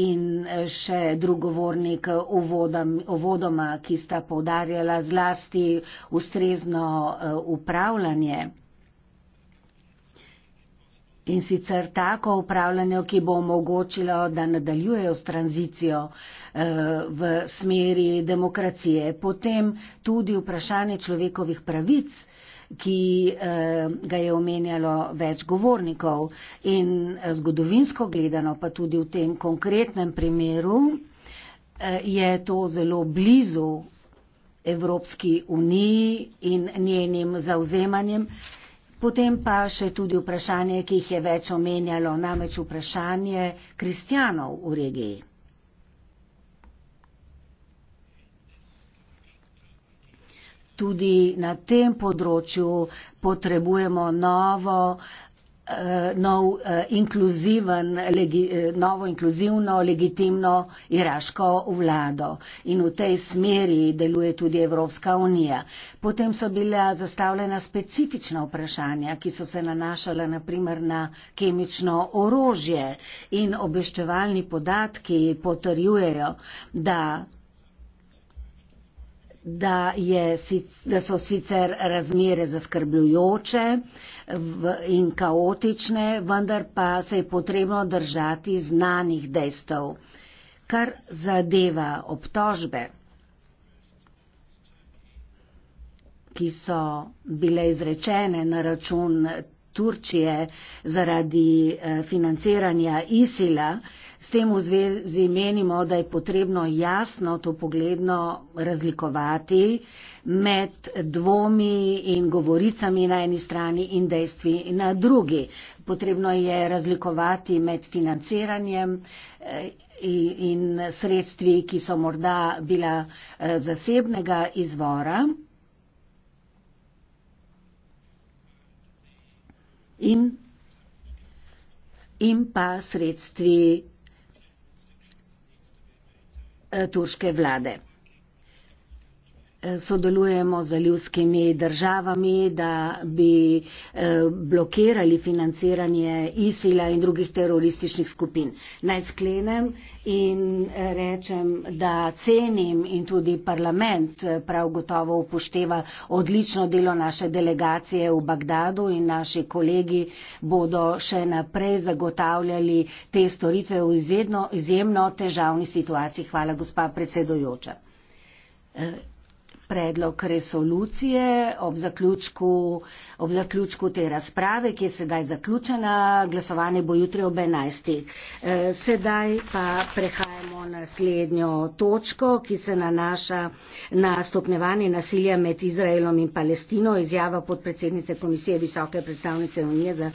B: In eh, še drugovornik uvodoma, ki sta povdarjala zlasti ustrezno upravljanje. In sicer tako upravljanje, ki bo omogočilo, da nadaljujejo s tranzicijo v smeri demokracije. Potem tudi vprašanje človekovih pravic ki eh, ga je omenjalo več govornikov. In eh, zgodovinsko gledano, pa tudi v tem konkretnem primeru, eh, je to zelo blizu Evropski uniji in njenim zauzemanjem. Potem pa še tudi vprašanje, ki jih je več omenjalo, namreč vprašanje kristjanov v regiji. tudi na tem področju potrebujemo novo, eh, nov, eh, inkluziven, legi, eh, novo inkluzivno, legitimno iraško vlado. In v tej smeri deluje tudi Evropska unija. Potem so bila zastavljena specifična vprašanja, ki so se nanašala naprimer na kemično orožje in obveščevalni podatki potrjujejo, da da, je, da so sicer razmere zaskrbljujoče in kaotične, vendar pa se je potrebno držati znanih dejstev, kar zadeva obtožbe, ki so bile izrečene na račun Turčije zaradi eh, financiranja ISIL-a. S tem v zvezi menimo, da je potrebno jasno to pogledno razlikovati med dvomi in govoricami na eni strani in dejstvi na drugi. Potrebno je razlikovati med financiranjem eh, in sredstvi, ki so morda bila eh, zasebnega izvora. In, in pa sredstvi Eh, turške vlade sodelujemo z ljudskimi državami, da bi eh, blokirali financiranje ISIL-a in drugih terorističnih skupin. Naj sklenem in eh, rečem, da cenim in tudi parlament eh, prav gotovo upošteva odlično delo naše delegacije v Bagdadu in naši kolegi bodo še naprej zagotavljali te storitve v izjedno, izjemno težavni situaciji. Hvala, gospa predsedujoča predlog resolucije ob zaključku, ob zaključku te razprave, ki je sedaj zaključena. Glasovanje bo jutri ob 11. E, sedaj pa prehajamo na slednjo točko, ki se nanaša na stopnevanje nasilja med Izraelom in Palestino. Izjava podpredsednice komisije Visoke predstavnice Unije za